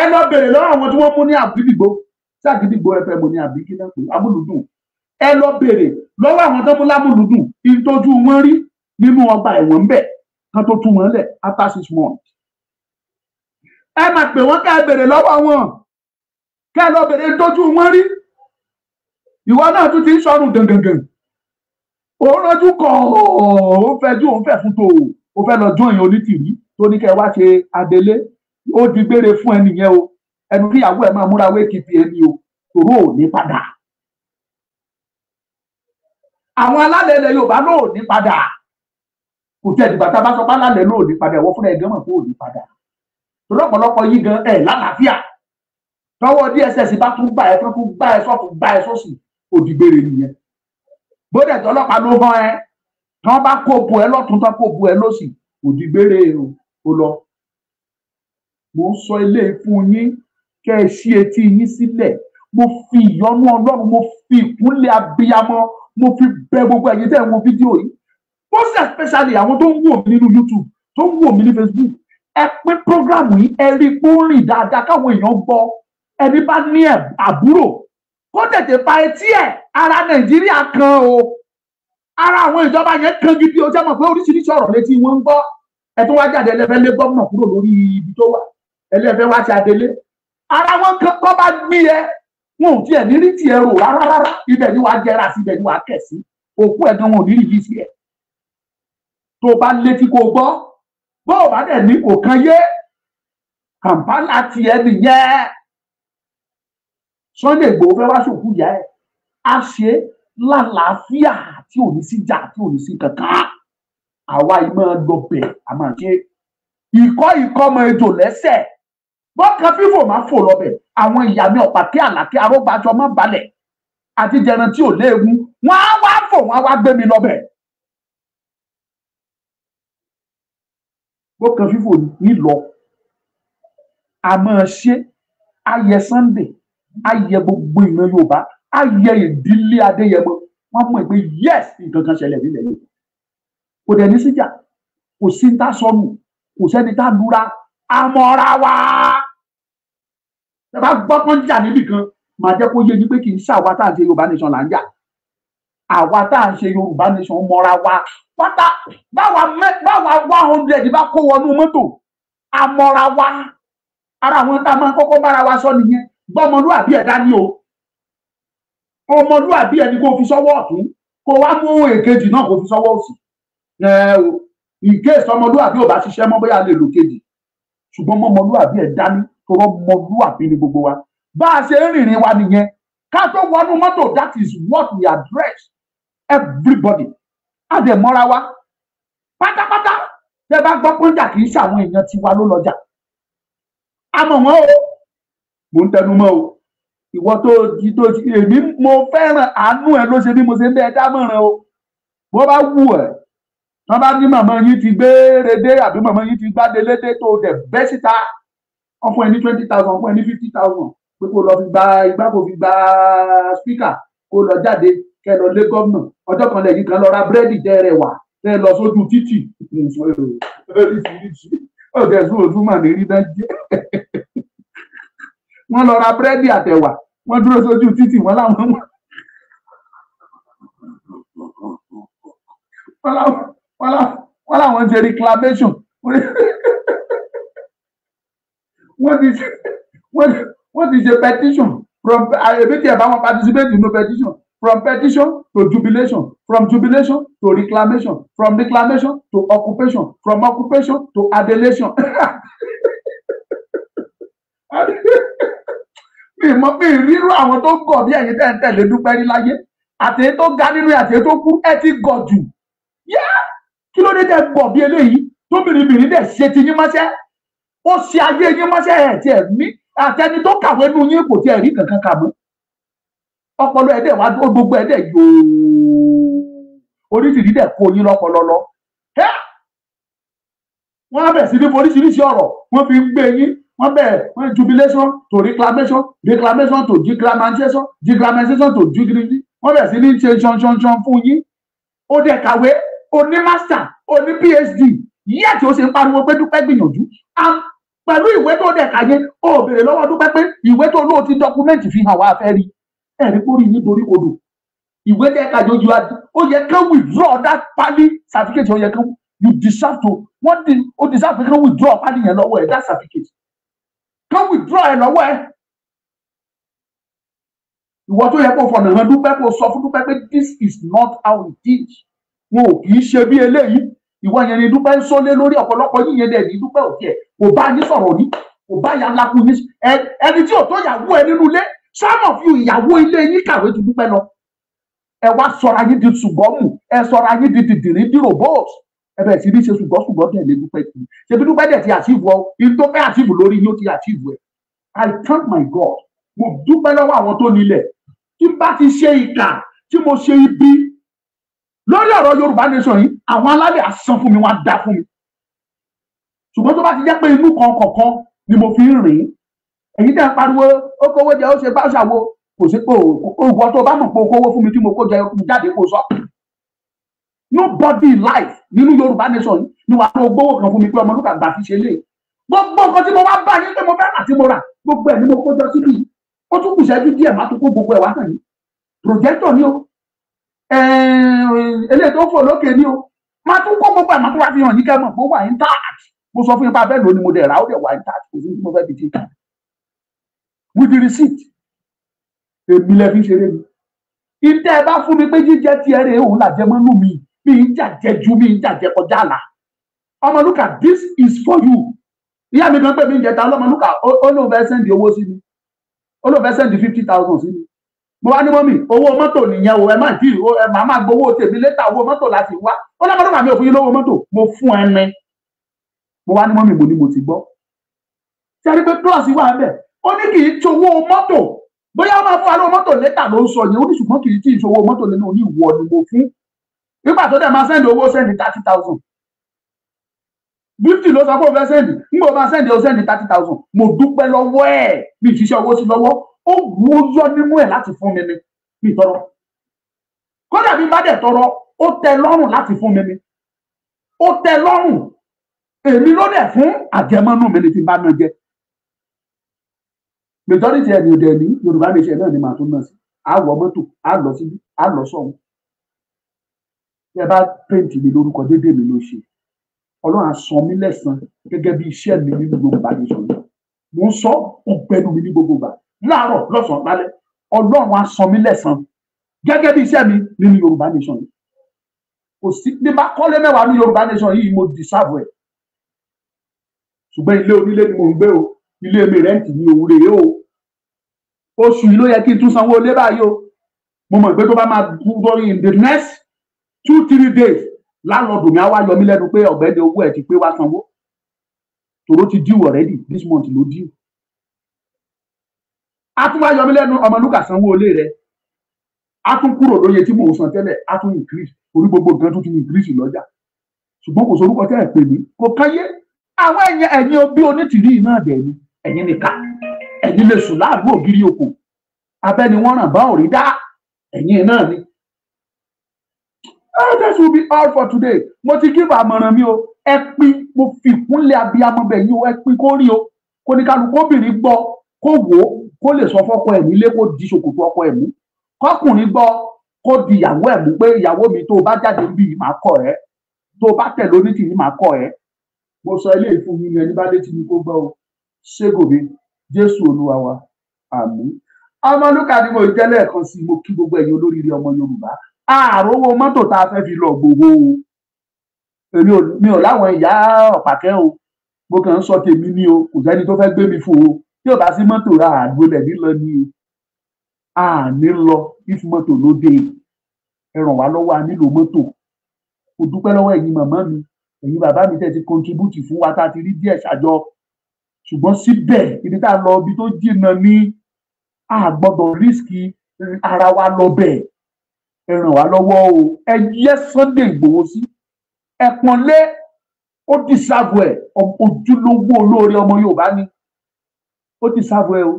ẹ lọ bèrè lọ́wọ́ àwọn tí wọ́n mú ní àbídìgbò sí àbídìgbò ẹ fẹ́ mú ní àbíkí náà pé amúlùdùn ẹ lọ bèrè lọ́wọ́ àwọn tó mú lámúlùdùn ìtọ́jú wọn rí nínú ọgbà ẹ̀wọ̀n bẹ́ẹ̀ kan tó tún wọn lẹ̀ after six months. ẹ máa pè wọ́n ká ẹ béèrè lọ́wọ́ wọn ká ẹ lọ béèrè tójú wọn rí ìwọ náà tún ti ń sọrùn gangan òun lójú kọ òun fẹ́ ju òun fẹ́ fún tòun ó fẹ́ lọ join onítìrí tó ní kẹ́ wá ṣe adelé ó di gbére fún ẹni yẹn o ẹnu kíyàwó ẹ máa múra wéèkìtì ẹni o tòró ò ní padà àwọn alálẹ̀ ilẹ̀ Yorùbá ló ò ní padà kò tẹ ìdìgbà tá a bá sọ pálá lẹ lóòní padà ìwọ fúnra ẹ gán mọ̀ pé òní padà lọ́pọ̀lọpọ̀ yìí gan ẹ lálàáfíà tọ́wọ́ DSS bá tún gbà ẹ tó tún gbà ẹ sọtún gbà ẹ sọsì òdìgbèrè nìyẹn bóde tọlọ́pàá ló hàn ẹ tán bá kó bu ẹ lọ́tún tán kó bu ẹ lọ́sì òdìgbèrè o lọ mo ń sọ ilé fún yín kẹ ẹ ṣí etí yín sílẹ̀ mo fi ìyọ́nú Ọlọ́run mo fi ìkúnlẹ̀ abiyamọ mo fi bẹ̀ gbogbo ẹ̀yin tẹ́ ẹ wo fídíò yìí most especially àwọn tó ń wò mí nínú youtube tó ń wò mí ní facebook ẹ pín program yìí ẹ rí i kó rìn dáadáa káwọn èèyàn gbọ́ ẹni bá ní àbúrò kó tètè pa etí ẹ̀ ara nàìjíríà kan o ara àwọn ìjọba yẹn kan gidi o jẹ́ mọ̀ pé oríṣiríṣi ọ̀rọ̀ létí wọ́n ń gbọ́ ẹ tó wá jáde ẹlẹ́fẹ́ lé gómìnà kúrò lórí ibi tó wà ẹlẹ́fẹ́ wá ti adelé ara wọn kan kọ́ bá gbé ẹ wọn ò tiẹ̀ ní rí tiẹ̀ rò rárá rárá ibẹ̀ ni wàá jẹrà sí ibẹ̀ ni wàá kẹ̀ sí òkú ẹ̀ gan wọn ò ní rí yìí sí tó bá létí kó gbọ́ bó o bá dẹ̀ ní kò kan yé kàmpálà tiẹ̀ nìyẹn Sunday Igboho fẹ́ wá sòkú ìyá ẹ̀ á ṣe lálàáfíà tí ò ní sí jà tí ò ní sí kankan àwa yìí máa lọ bẹ̀ a máa ṣe ìkọ́ ìkọ́ ọmọ ejò lẹ́sẹ̀ bọ́ọ̀kan fífò máa fò lọ́bẹ̀ àwọn ìyá mi ọ̀pá kí àlàkí arógbájọ má balẹ̀ àti jẹran tí ò léegun wọ́n á wá fò wọ́n á wá gbé mi lọ́bẹ̀. lọ́kàn fífò nílọ a máa ṣe ayẹ Sunday ayẹ gbogbo ìran Yorùbá ayẹ ìdílé Adéyẹmọ wọn mọ̀ pé yes nǹkan kan ṣẹlẹ̀ nílẹ̀ yìí kò dẹ̀ ní síjà kò sí ní tá sọnù kò sẹ́ni tá lura amọ̀ra wa ẹ bá gbọ́ pọ́n jà níbì kan màá jẹ́ kó yé ni pé kì í ṣàwa tá à ń ṣe Yorùbá nation là ń jà àwa tá à ń ṣe Yorùbá nation mọ́ra wa pátá báwa báwa one hundred bá kó wọnú mọ́tò àmọ́ra wa ara àwọn tá a máa kọ́kọ́ bára wa sọ nìyẹn gbọ́ ọmọlúwàbí ẹ̀ dání o ọmọlúwàbí ẹ̀ ni kò fi sọ́wọ́ ọ̀tún kó wá mú èkejì náà kó fi sọ́wọ́ òsì ìkéèsì ọmọlúwàbí ò bá ṣiṣẹ́ mọ́ bóyá lè lò kejì ṣùgbọ́n mọ́mọlúwàbí ẹ̀ dání tọrọ mọ́lúwàbí ni gbogbo wa bá a ṣe ń rìnrìn wa nìyẹn ká tó wọnú mọ́tò that is what we address everybody àdèmọ́ra wa pátápátá tẹ bá gbọ́ pọ́njà kì í ṣàwọn èèyàn tiwa ló lọ́jà àmọ̀ wọn o mò ń tẹnu mọ́ o ìwọ tó di tó di èmi mo fẹ́ràn àánú ẹ ló ṣe bí mo ṣe ń bẹ dámọ̀ràn o bó bá wù ẹ wọn bá ní màmá yín ti gbére dé àbí màmá yín ti gbádé lédè tó dẹ̀ bẹ́ síta wọn fún ẹ ní twenty thousand wọn fún ẹ ní fifty thousand pé kó lọ fi gba igbá kó fi gba spíkà kó lọ jáde kẹ lọ lé gómìnà ọjọ́ kan lẹ́yìn kan lọ ra búrẹ́dì jẹ rẹ wà kẹ lọ sójú títì ọgẹ òtún mà ní rí dájú wọ́n lọ ra búrẹ́dì àtẹ̀wà wọ́n dúró sójú títì wọ́n láwọn wọ́n láwọn ṣe reclamation wọ́n ti ṣe petition from ebi tí ẹ bá wọn participate nínú petition from petition to jubilation, from jubilation to reclamation, from reclamation to occupation, from occupation to adulation. mi mọ mi rírú àwọn tó gọ̀ bí ẹ̀yin tẹ́ ń tẹ̀lé dúpẹ́ rí láyé àtẹ̀yẹ tó ga nínú àtẹ̀yẹ tó kú ẹ ti gọ̀ jù yá kí ló dé tẹ́ gọ̀ bí eléyìí tó bìrìbìrì dẹ̀ ṣe ti yín mọ́ṣẹ́ ó ṣe ayé yín mọ́ṣẹ́ ẹ̀ tiẹ̀ mí àtẹni tó kàwé nu yín kò tiẹ̀ rí kankan kà ọpọlọ ẹdẹ wá dúró gbogbo ẹdẹ yòó oríṣiríṣi dẹ kó yín lọpọlọ lọ wọn á bẹ̀ sí ní oríṣiríṣi ọ̀rọ̀ wọn fi gbé yín wọn bẹ̀ wọn jubilation to reclamation reclamation to declamation declamation to dignity wọn bẹ̀ sí ní ṣe ṣanṣanṣan fún yín ó dẹ̀ kàwé ó master ó ní phd yíyá tí ó ṣe ń pariwo pé dúpẹ́ gbìyànjú pẹ̀lú ìwé tó dẹ̀ kà yẹn ó béèrè lọ́wọ́ dúpẹ́ pé ìwé tó lóò ti dọ́kúmẹ́ǹtì fi hàn wá fẹ́ rí i ẹ̀rí kórì yín borí kodò ìwé tẹ́ ká jojú wa ó yẹ kán withdraw that pali certificate ó yẹ kán you deserve to wọ́n di ó deserve kán withdraw pali yẹn lọ́wọ́ ẹ̀ that certificate kán withdraw ẹ̀ lọ́wọ́ ẹ̀ ìwọ tó yẹ kó fọ̀nà hàn dúpẹ́ kó sọ fún dúpẹ́ pé this is not how it is wọn ò kì í ṣe bí eléyìí ìwọ yẹn ni dúpẹ́ ń sọlé lórí ọ̀pọ̀lọpọ̀ yín yẹn dẹ̀ ní dúpẹ́ òkè ẹ̀ kò bá yín sọ̀rọ̀ ní kò bá yà ńlá kú yín ẹni tí ò tó yà wú ẹ nínú ilé some of you ìyàwó ilé yín kàwé ti dúpẹ́ lọ ẹ wá sọra yín di ṣùgọ́mù ẹ sọra yín di dìdìrí di robot ẹ bẹ̀rẹ̀ sí ní ṣe ṣùgọ́ ṣùgọ́ dẹ̀ lé dúpẹ́ kiri ṣebí dúpẹ́ dẹ̀ ti àtìvù ọ ìtò fẹ́ àtìvù lórí yóò ti àtìvù ẹ I thank my God mo dúpẹ́ lọ́wọ́ àwọn tó nílẹ̀ tí bá ti ṣe ìkà tí mo ṣe ibi lórí ọ̀rọ̀ Yorùbá nation yìí àwọn alálẹ̀ àsan fún mi wọ́n á dá fún mi ṣùgbọ́n tó bá ti jẹ́ pé inú kan kọ̀ọ̀kan ni mo fi ń rìn ẹ̀yin tẹ́ ń pariwo ó kówó jẹ ó ṣe bá ṣàwo kò sí pé òwò tó bá mọ̀ pé ó kówó fún mi tí mo kó jẹ jáde kó sọ. nobody life nínú yorùbá nation ni wàá lọ gbówó kan fún mi pé ọmọlúkà gbà fi ṣe lé gbogbo nǹkan tí mo wá bá yín pé mo fẹ́ràn àti mo rà gbogbo ẹ̀ ni mo kó jọ síbi ó tún kù ṣẹ́jú díẹ̀ má tún kó gbogbo ẹ̀ wá kàn yín projector ni o eléyìí tó fò lókè ni o má tún kó gbogbo ẹ̀ má tún wá fi hàn yín kẹ́ mọ̀ gbogbo àyín táàtì mo sọ fún yín pé abẹ́ lónìí mo dẹ̀ rà ó dẹ̀ wà ní mo fẹ́ fi ṣe táàtì with the receipt èmi lẹ fi ṣeré mi ìtẹ́ ẹ bá fún mi pé jíjẹ tiẹ̀ rèé òun làjẹ mọ́nú mi mi ń jàjẹ ju mi ń jàjẹ kọjá àlà ọmọlúkà this is for you ìyá mi kan pè mí ń jẹta ọlọ́mọlúkà ó lóun fẹ́ sẹ́ndì owó sí mi ó lóun fẹ́ sẹ́ndì fifty thousand sí mi mo wá ní mọ́mì owó mọ́tò nìyẹn o ẹ má dì o ẹ má má gbowó tèmi létà owó mọ́tò láti wá ó lọ́mọlúkà mi ò fún yín lówó mọ́tò mo fún ẹ ní mo wá ní mọ́mì mo ní mo ti gbọ́ ṣe é rí pé plus wà bẹ́ẹ̀ ó ní kì í ṣòwò mọ́tò bóyá máa fún alówó mọ́tò lẹ́tà ló ń sọ yẹn ó ní ṣùgbọ́n kì í tí ì ṣòwò mọ́tò lẹ́nu òní ìwọ ni mo fún nígbà tó dẹ̀ máa sẹ́ndì owó sẹ́ndì thirty thousand fifty ló sọ pé ó fẹ́ sẹ́ndì nígbà ó máa sẹ́ndì ó sẹ́ndì thirty thousand mo dúpẹ́ lọ́wọ́ ẹ̀ bí ìṣiṣẹ́ owó sí lọ́wọ́ ó wù ú yọ nínú ẹ̀ láti fún mi ni bí tọrọ kódà bí bá dẹ̀ tọrọ ó tẹ́ lọ́rùn láti fún mi ni ó tẹ́ lọ́rùn èmi ló dẹ̀ fún àjẹmọ́nú mi ni ti bá náà jẹ́ majority ẹni ò dẹ̀ ní yorùbá nation náà ni màá tún náà sí á wọ mọ́tò á lọ síbí á lọ sọ̀hún ẹ bá pèntì mi lórúkọ dédé mi ló ṣe ọlọ́run àsan mi lẹ́sàn gẹ́gẹ́ bí iṣẹ́ mi nínú yorùbá nation náà mo ń sọ ògbẹ́nu mi ní gbogbo gbà láàárọ̀ lọ́sàn-án lálẹ́ ọlọ́run àsan mi lẹ́sàn gẹ́gẹ́ bí iṣẹ́ mi nínú yorùbá nation yìí kò sí ní bá kọ́lé mẹ́wàá ní yorùbá nation yìí mo dìsáàbù ẹ̀ ṣùgbọ́n ilé onílé ni mò ń gbé o ilé mi rẹ́ǹtì ní òwúrẹ́ o oṣù yìí ló yẹ kí n tún sanwó ilé báyìí o mo mọ̀ pé tó bá máa kú lórí in the next two three days láńlọ́ọ̀dù mi á wá yọ mí lẹ́nu pé ọ̀gbẹ́ni owó ẹ̀ ti pé wá sanwó tòró ti due already this month ló due á tún wá yọ mí lẹ́nu ọmọlúkà sanwó ilé rẹ̀ á tún kúrò lóye tí mò ń san tẹ́lẹ̀ á tún increase orí gbogbo nǹkan tó ti increase lọ́jà ṣùgbọ́n kò sórúkọ tẹ́ ẹ̀ pè mí kò káyé àwọn ẹ̀yìn ẹ̀yìn bí onítìrí náà dẹ̀ ni ẹ̀yin nìka ẹ̀yin lè sùn láàbù ògiri oko abẹ́ni wọ́n ràn bá ò dá ẹ̀yin náà ni. this will be all for today mo ti kí àmọ̀ràn mi o ẹ pin mo fi ìkúnlẹ̀ abiyamọ bẹ̀ yí o ẹ pin kó rí o kó ní kálukú obìnrin gbọ́ kó wò ó kó lè sọ fọ́kọ ẹ̀ nílé kó di ṣòkòtò ọkọ ẹ̀ mú kọkùnrin gbọ́ kó di ìyàwó ẹ̀ mú pé ìyàwó mi tó o bá jáde bí màá kọ̀ ẹ́ tó o bá tẹ̀ lónìí tì ní màá kọ̀ ẹ́ mo sọ eléyìí fún mi ẹni bá dé ti ní kó gbọ́ o ṣégobe jésù olúwa wa àmín ọmọlúkà ni mo jẹ́ lẹ́ẹ̀kan sí mo kí gbogbo ẹ̀yin olóríire ọmọ yorùbá àròwọ mọ́tò tá a fẹ́ fi lọ gbogbo o èmi ò mi ò láwọn ìyá ọ̀pàkẹ́ o mo kàn ń sọ tèmi ni o kò sẹ́ni tó fẹ́ gbé mi fún o tí ò bá sí mọ́tò ra àgbélẹ̀ nílọ ni o àní lọ if mọ́tò ló dé ẹ ràn wá lọ́wọ́ a nílò mọ́tò mo dúpẹ́ lọ́wọ́ ẹ̀yin màmá mi ẹ̀yin bàbá mi tẹ̀ ti contribute fún wa tá a ti rí díẹ̀ ṣàjọ ṣùgbọ́n síbẹ̀ ibi tá a lọ ibi tó jìnnà ní a gbọ́dọ̀ rísíkì ara wa lọ bẹ̀ ẹ ràn wá lọ́wọ́ o ẹ yẹ Sunday Ìgbòho sí ẹ pọ́nlé ó ti sáàbù ẹ ojúlówó olóore ọmọ Yorùbá ni ó ti sáàbù ẹ o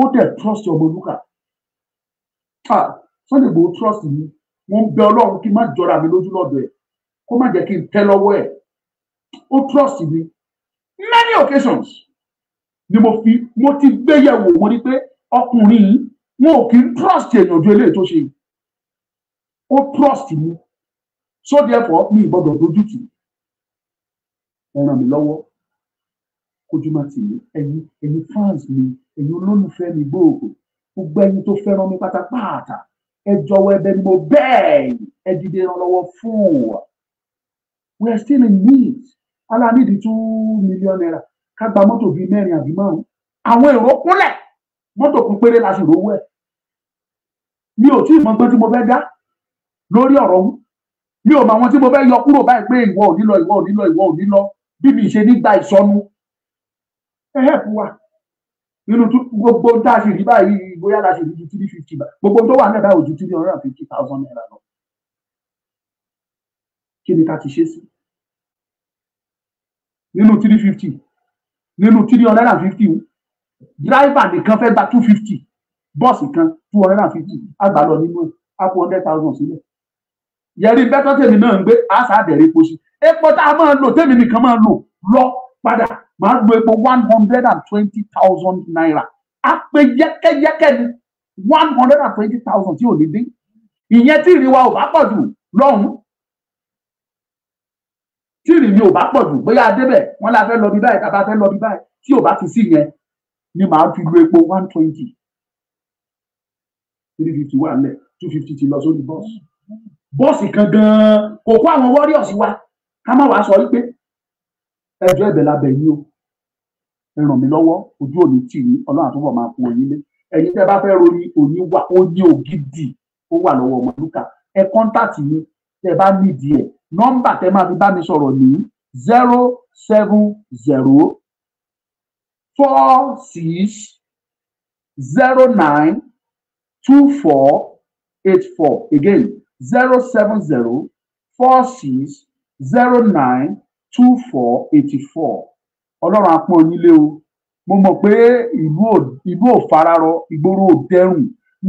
ó dẹ̀ trust Ọmọlúkà ah Sunday Ìgbòho trust mi mo ń bẹ Ọlọ́run kí n má jọra mi lójú lọ́dọ̀ ẹ kó má jẹ́ kí n tẹ́ lọ́wọ́ ẹ ó trust mi many occasions ni mo fi mo ti gbé yẹ̀wò mo ní pé ọkùnrin yìí ò kí ń trust èèyàn ju eléyìí tó ṣe ó trust mi so therefore mi ìgbọ́dọ̀ dojú tì ẹ ràn mí lọ́wọ́ kojú máa tì mí ẹ̀yin ẹ̀yin fans mi ẹ̀yin olólùfẹ́ mi gbòògò gbogbo ẹ̀yin tó fẹ́ràn mi pátápátá ẹ jọ̀wọ́ ẹ̀bẹ̀ ni mo bẹ̀ ẹ́ ẹ dìde ìrànlọ́wọ́ fún wa we are still in need alámìdí two million naira ká gba mọ́tò bíi mẹ́rin àbí márùn-ún àwọn èrò kúnlẹ̀ mọ́tò kún péré la sì rówó ẹ̀ mi ò tí ì mọ gbọ́n tí mo fẹ́ dá lórí ọ̀rọ̀ ọ̀hún mi ò mọ àwọn tí mo fẹ́ yọ kúrò báyìí pé ìwọ ò ní lọ ìwọ ò ní lọ ìwọ ò ní lọ bí mi ṣe nígbà ìsọnù ẹ hẹ́pù wa nínú gbogbo tá a sì rí báyìí bóyá la sì rí ju three fifty gbogbo tó wà náà báyìí ò ju three hundred and fifty thousand naira lọ kí ni ká ti ṣe sí i nínú three fifty nínú three hundred and fifty dírìbà nìkan fẹ́ gba two fifty bọ́ọ̀sì kan two hundred and fifty àgbà lọ nínú ẹ̀ á kó hundred thousand sílẹ̀ yẹrí bẹ́tọ́ tèmi náà ń gbé àṣà àbẹ̀rẹ̀ epo sí epo tá a máa lò tèmi nìkan máa lò lọ padà máa lo epo one hundred and twenty thousand naira á pé yẹ́kẹ́yẹ́kẹ́ ni one hundred and twenty thousand tí ò ní dín ìyẹn tí ìrìwà ò bá pọ̀ jù lọ́hùn-ún tí ìrìn yóò bá pọ̀ jù bóyá adébẹ̀ wọn la fẹ́ lọ bí báyìí tàbá fẹ́ lọ bí báyìí tí ò bá ti sí yẹn ni màá fi lu epo one twenty three fifty wà lẹ̀ two fifty ti lọ sórí bọ́ọ̀sì bọ́ọ̀sì kan gan-an kò kó àwọn warriors wa ká má wàá sọ wípé ẹjọ́ ẹ̀bẹ̀ la bẹ̀ yín o ẹ ràn mí lọ́wọ́ ojú òní tì mí ọlọ́run àtúbọ̀ máa kú oyin lé ẹ̀yin tẹ́ bá fẹ́ rori òní wà ó ní ògidì ó wà lọ́wọ́ ọmọ lúkà ẹ kọ́ńtàtì mi tẹ́ bá nídìí ẹ̀ nọ́mbà tẹ́ máa fi bá mi sọ̀rọ̀ ní zero seven zero four six zero nine two four eight four again zero seven zero four six zero nine two four eighty four ọlọ́run apọ́n onílé o mo mọ̀ pé ìlú ò fararọ ìgboro ò dẹrùn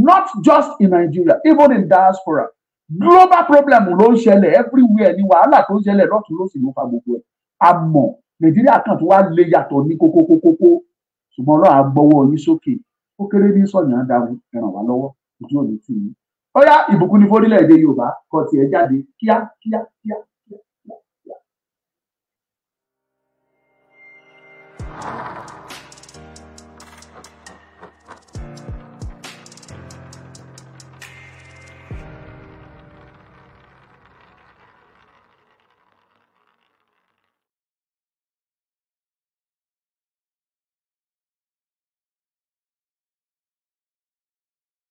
not just in Nigeria even in diaspora global problem ló ń ṣẹlẹ̀ everywhere ni wàhálà tó ń ṣẹlẹ̀ lọ́tún lọ́sìn ló fa gbogbo ẹ̀ àmọ́ nàìjíríà kan tó wá lè yàtọ̀ ní kókókókókó ṣùgbọ́n ọlọ́run àgbọ̀wọ́ yín sókè ó kéré ní sọ̀yàn àdáwò ẹ ràn wá lọ́wọ́ ojú òní tì mí ó yá ìbùkún ní fórílẹ̀-èdè yorùbá kọ tiẹ̀ jáde kíá kíá kíá. kíá, kíá.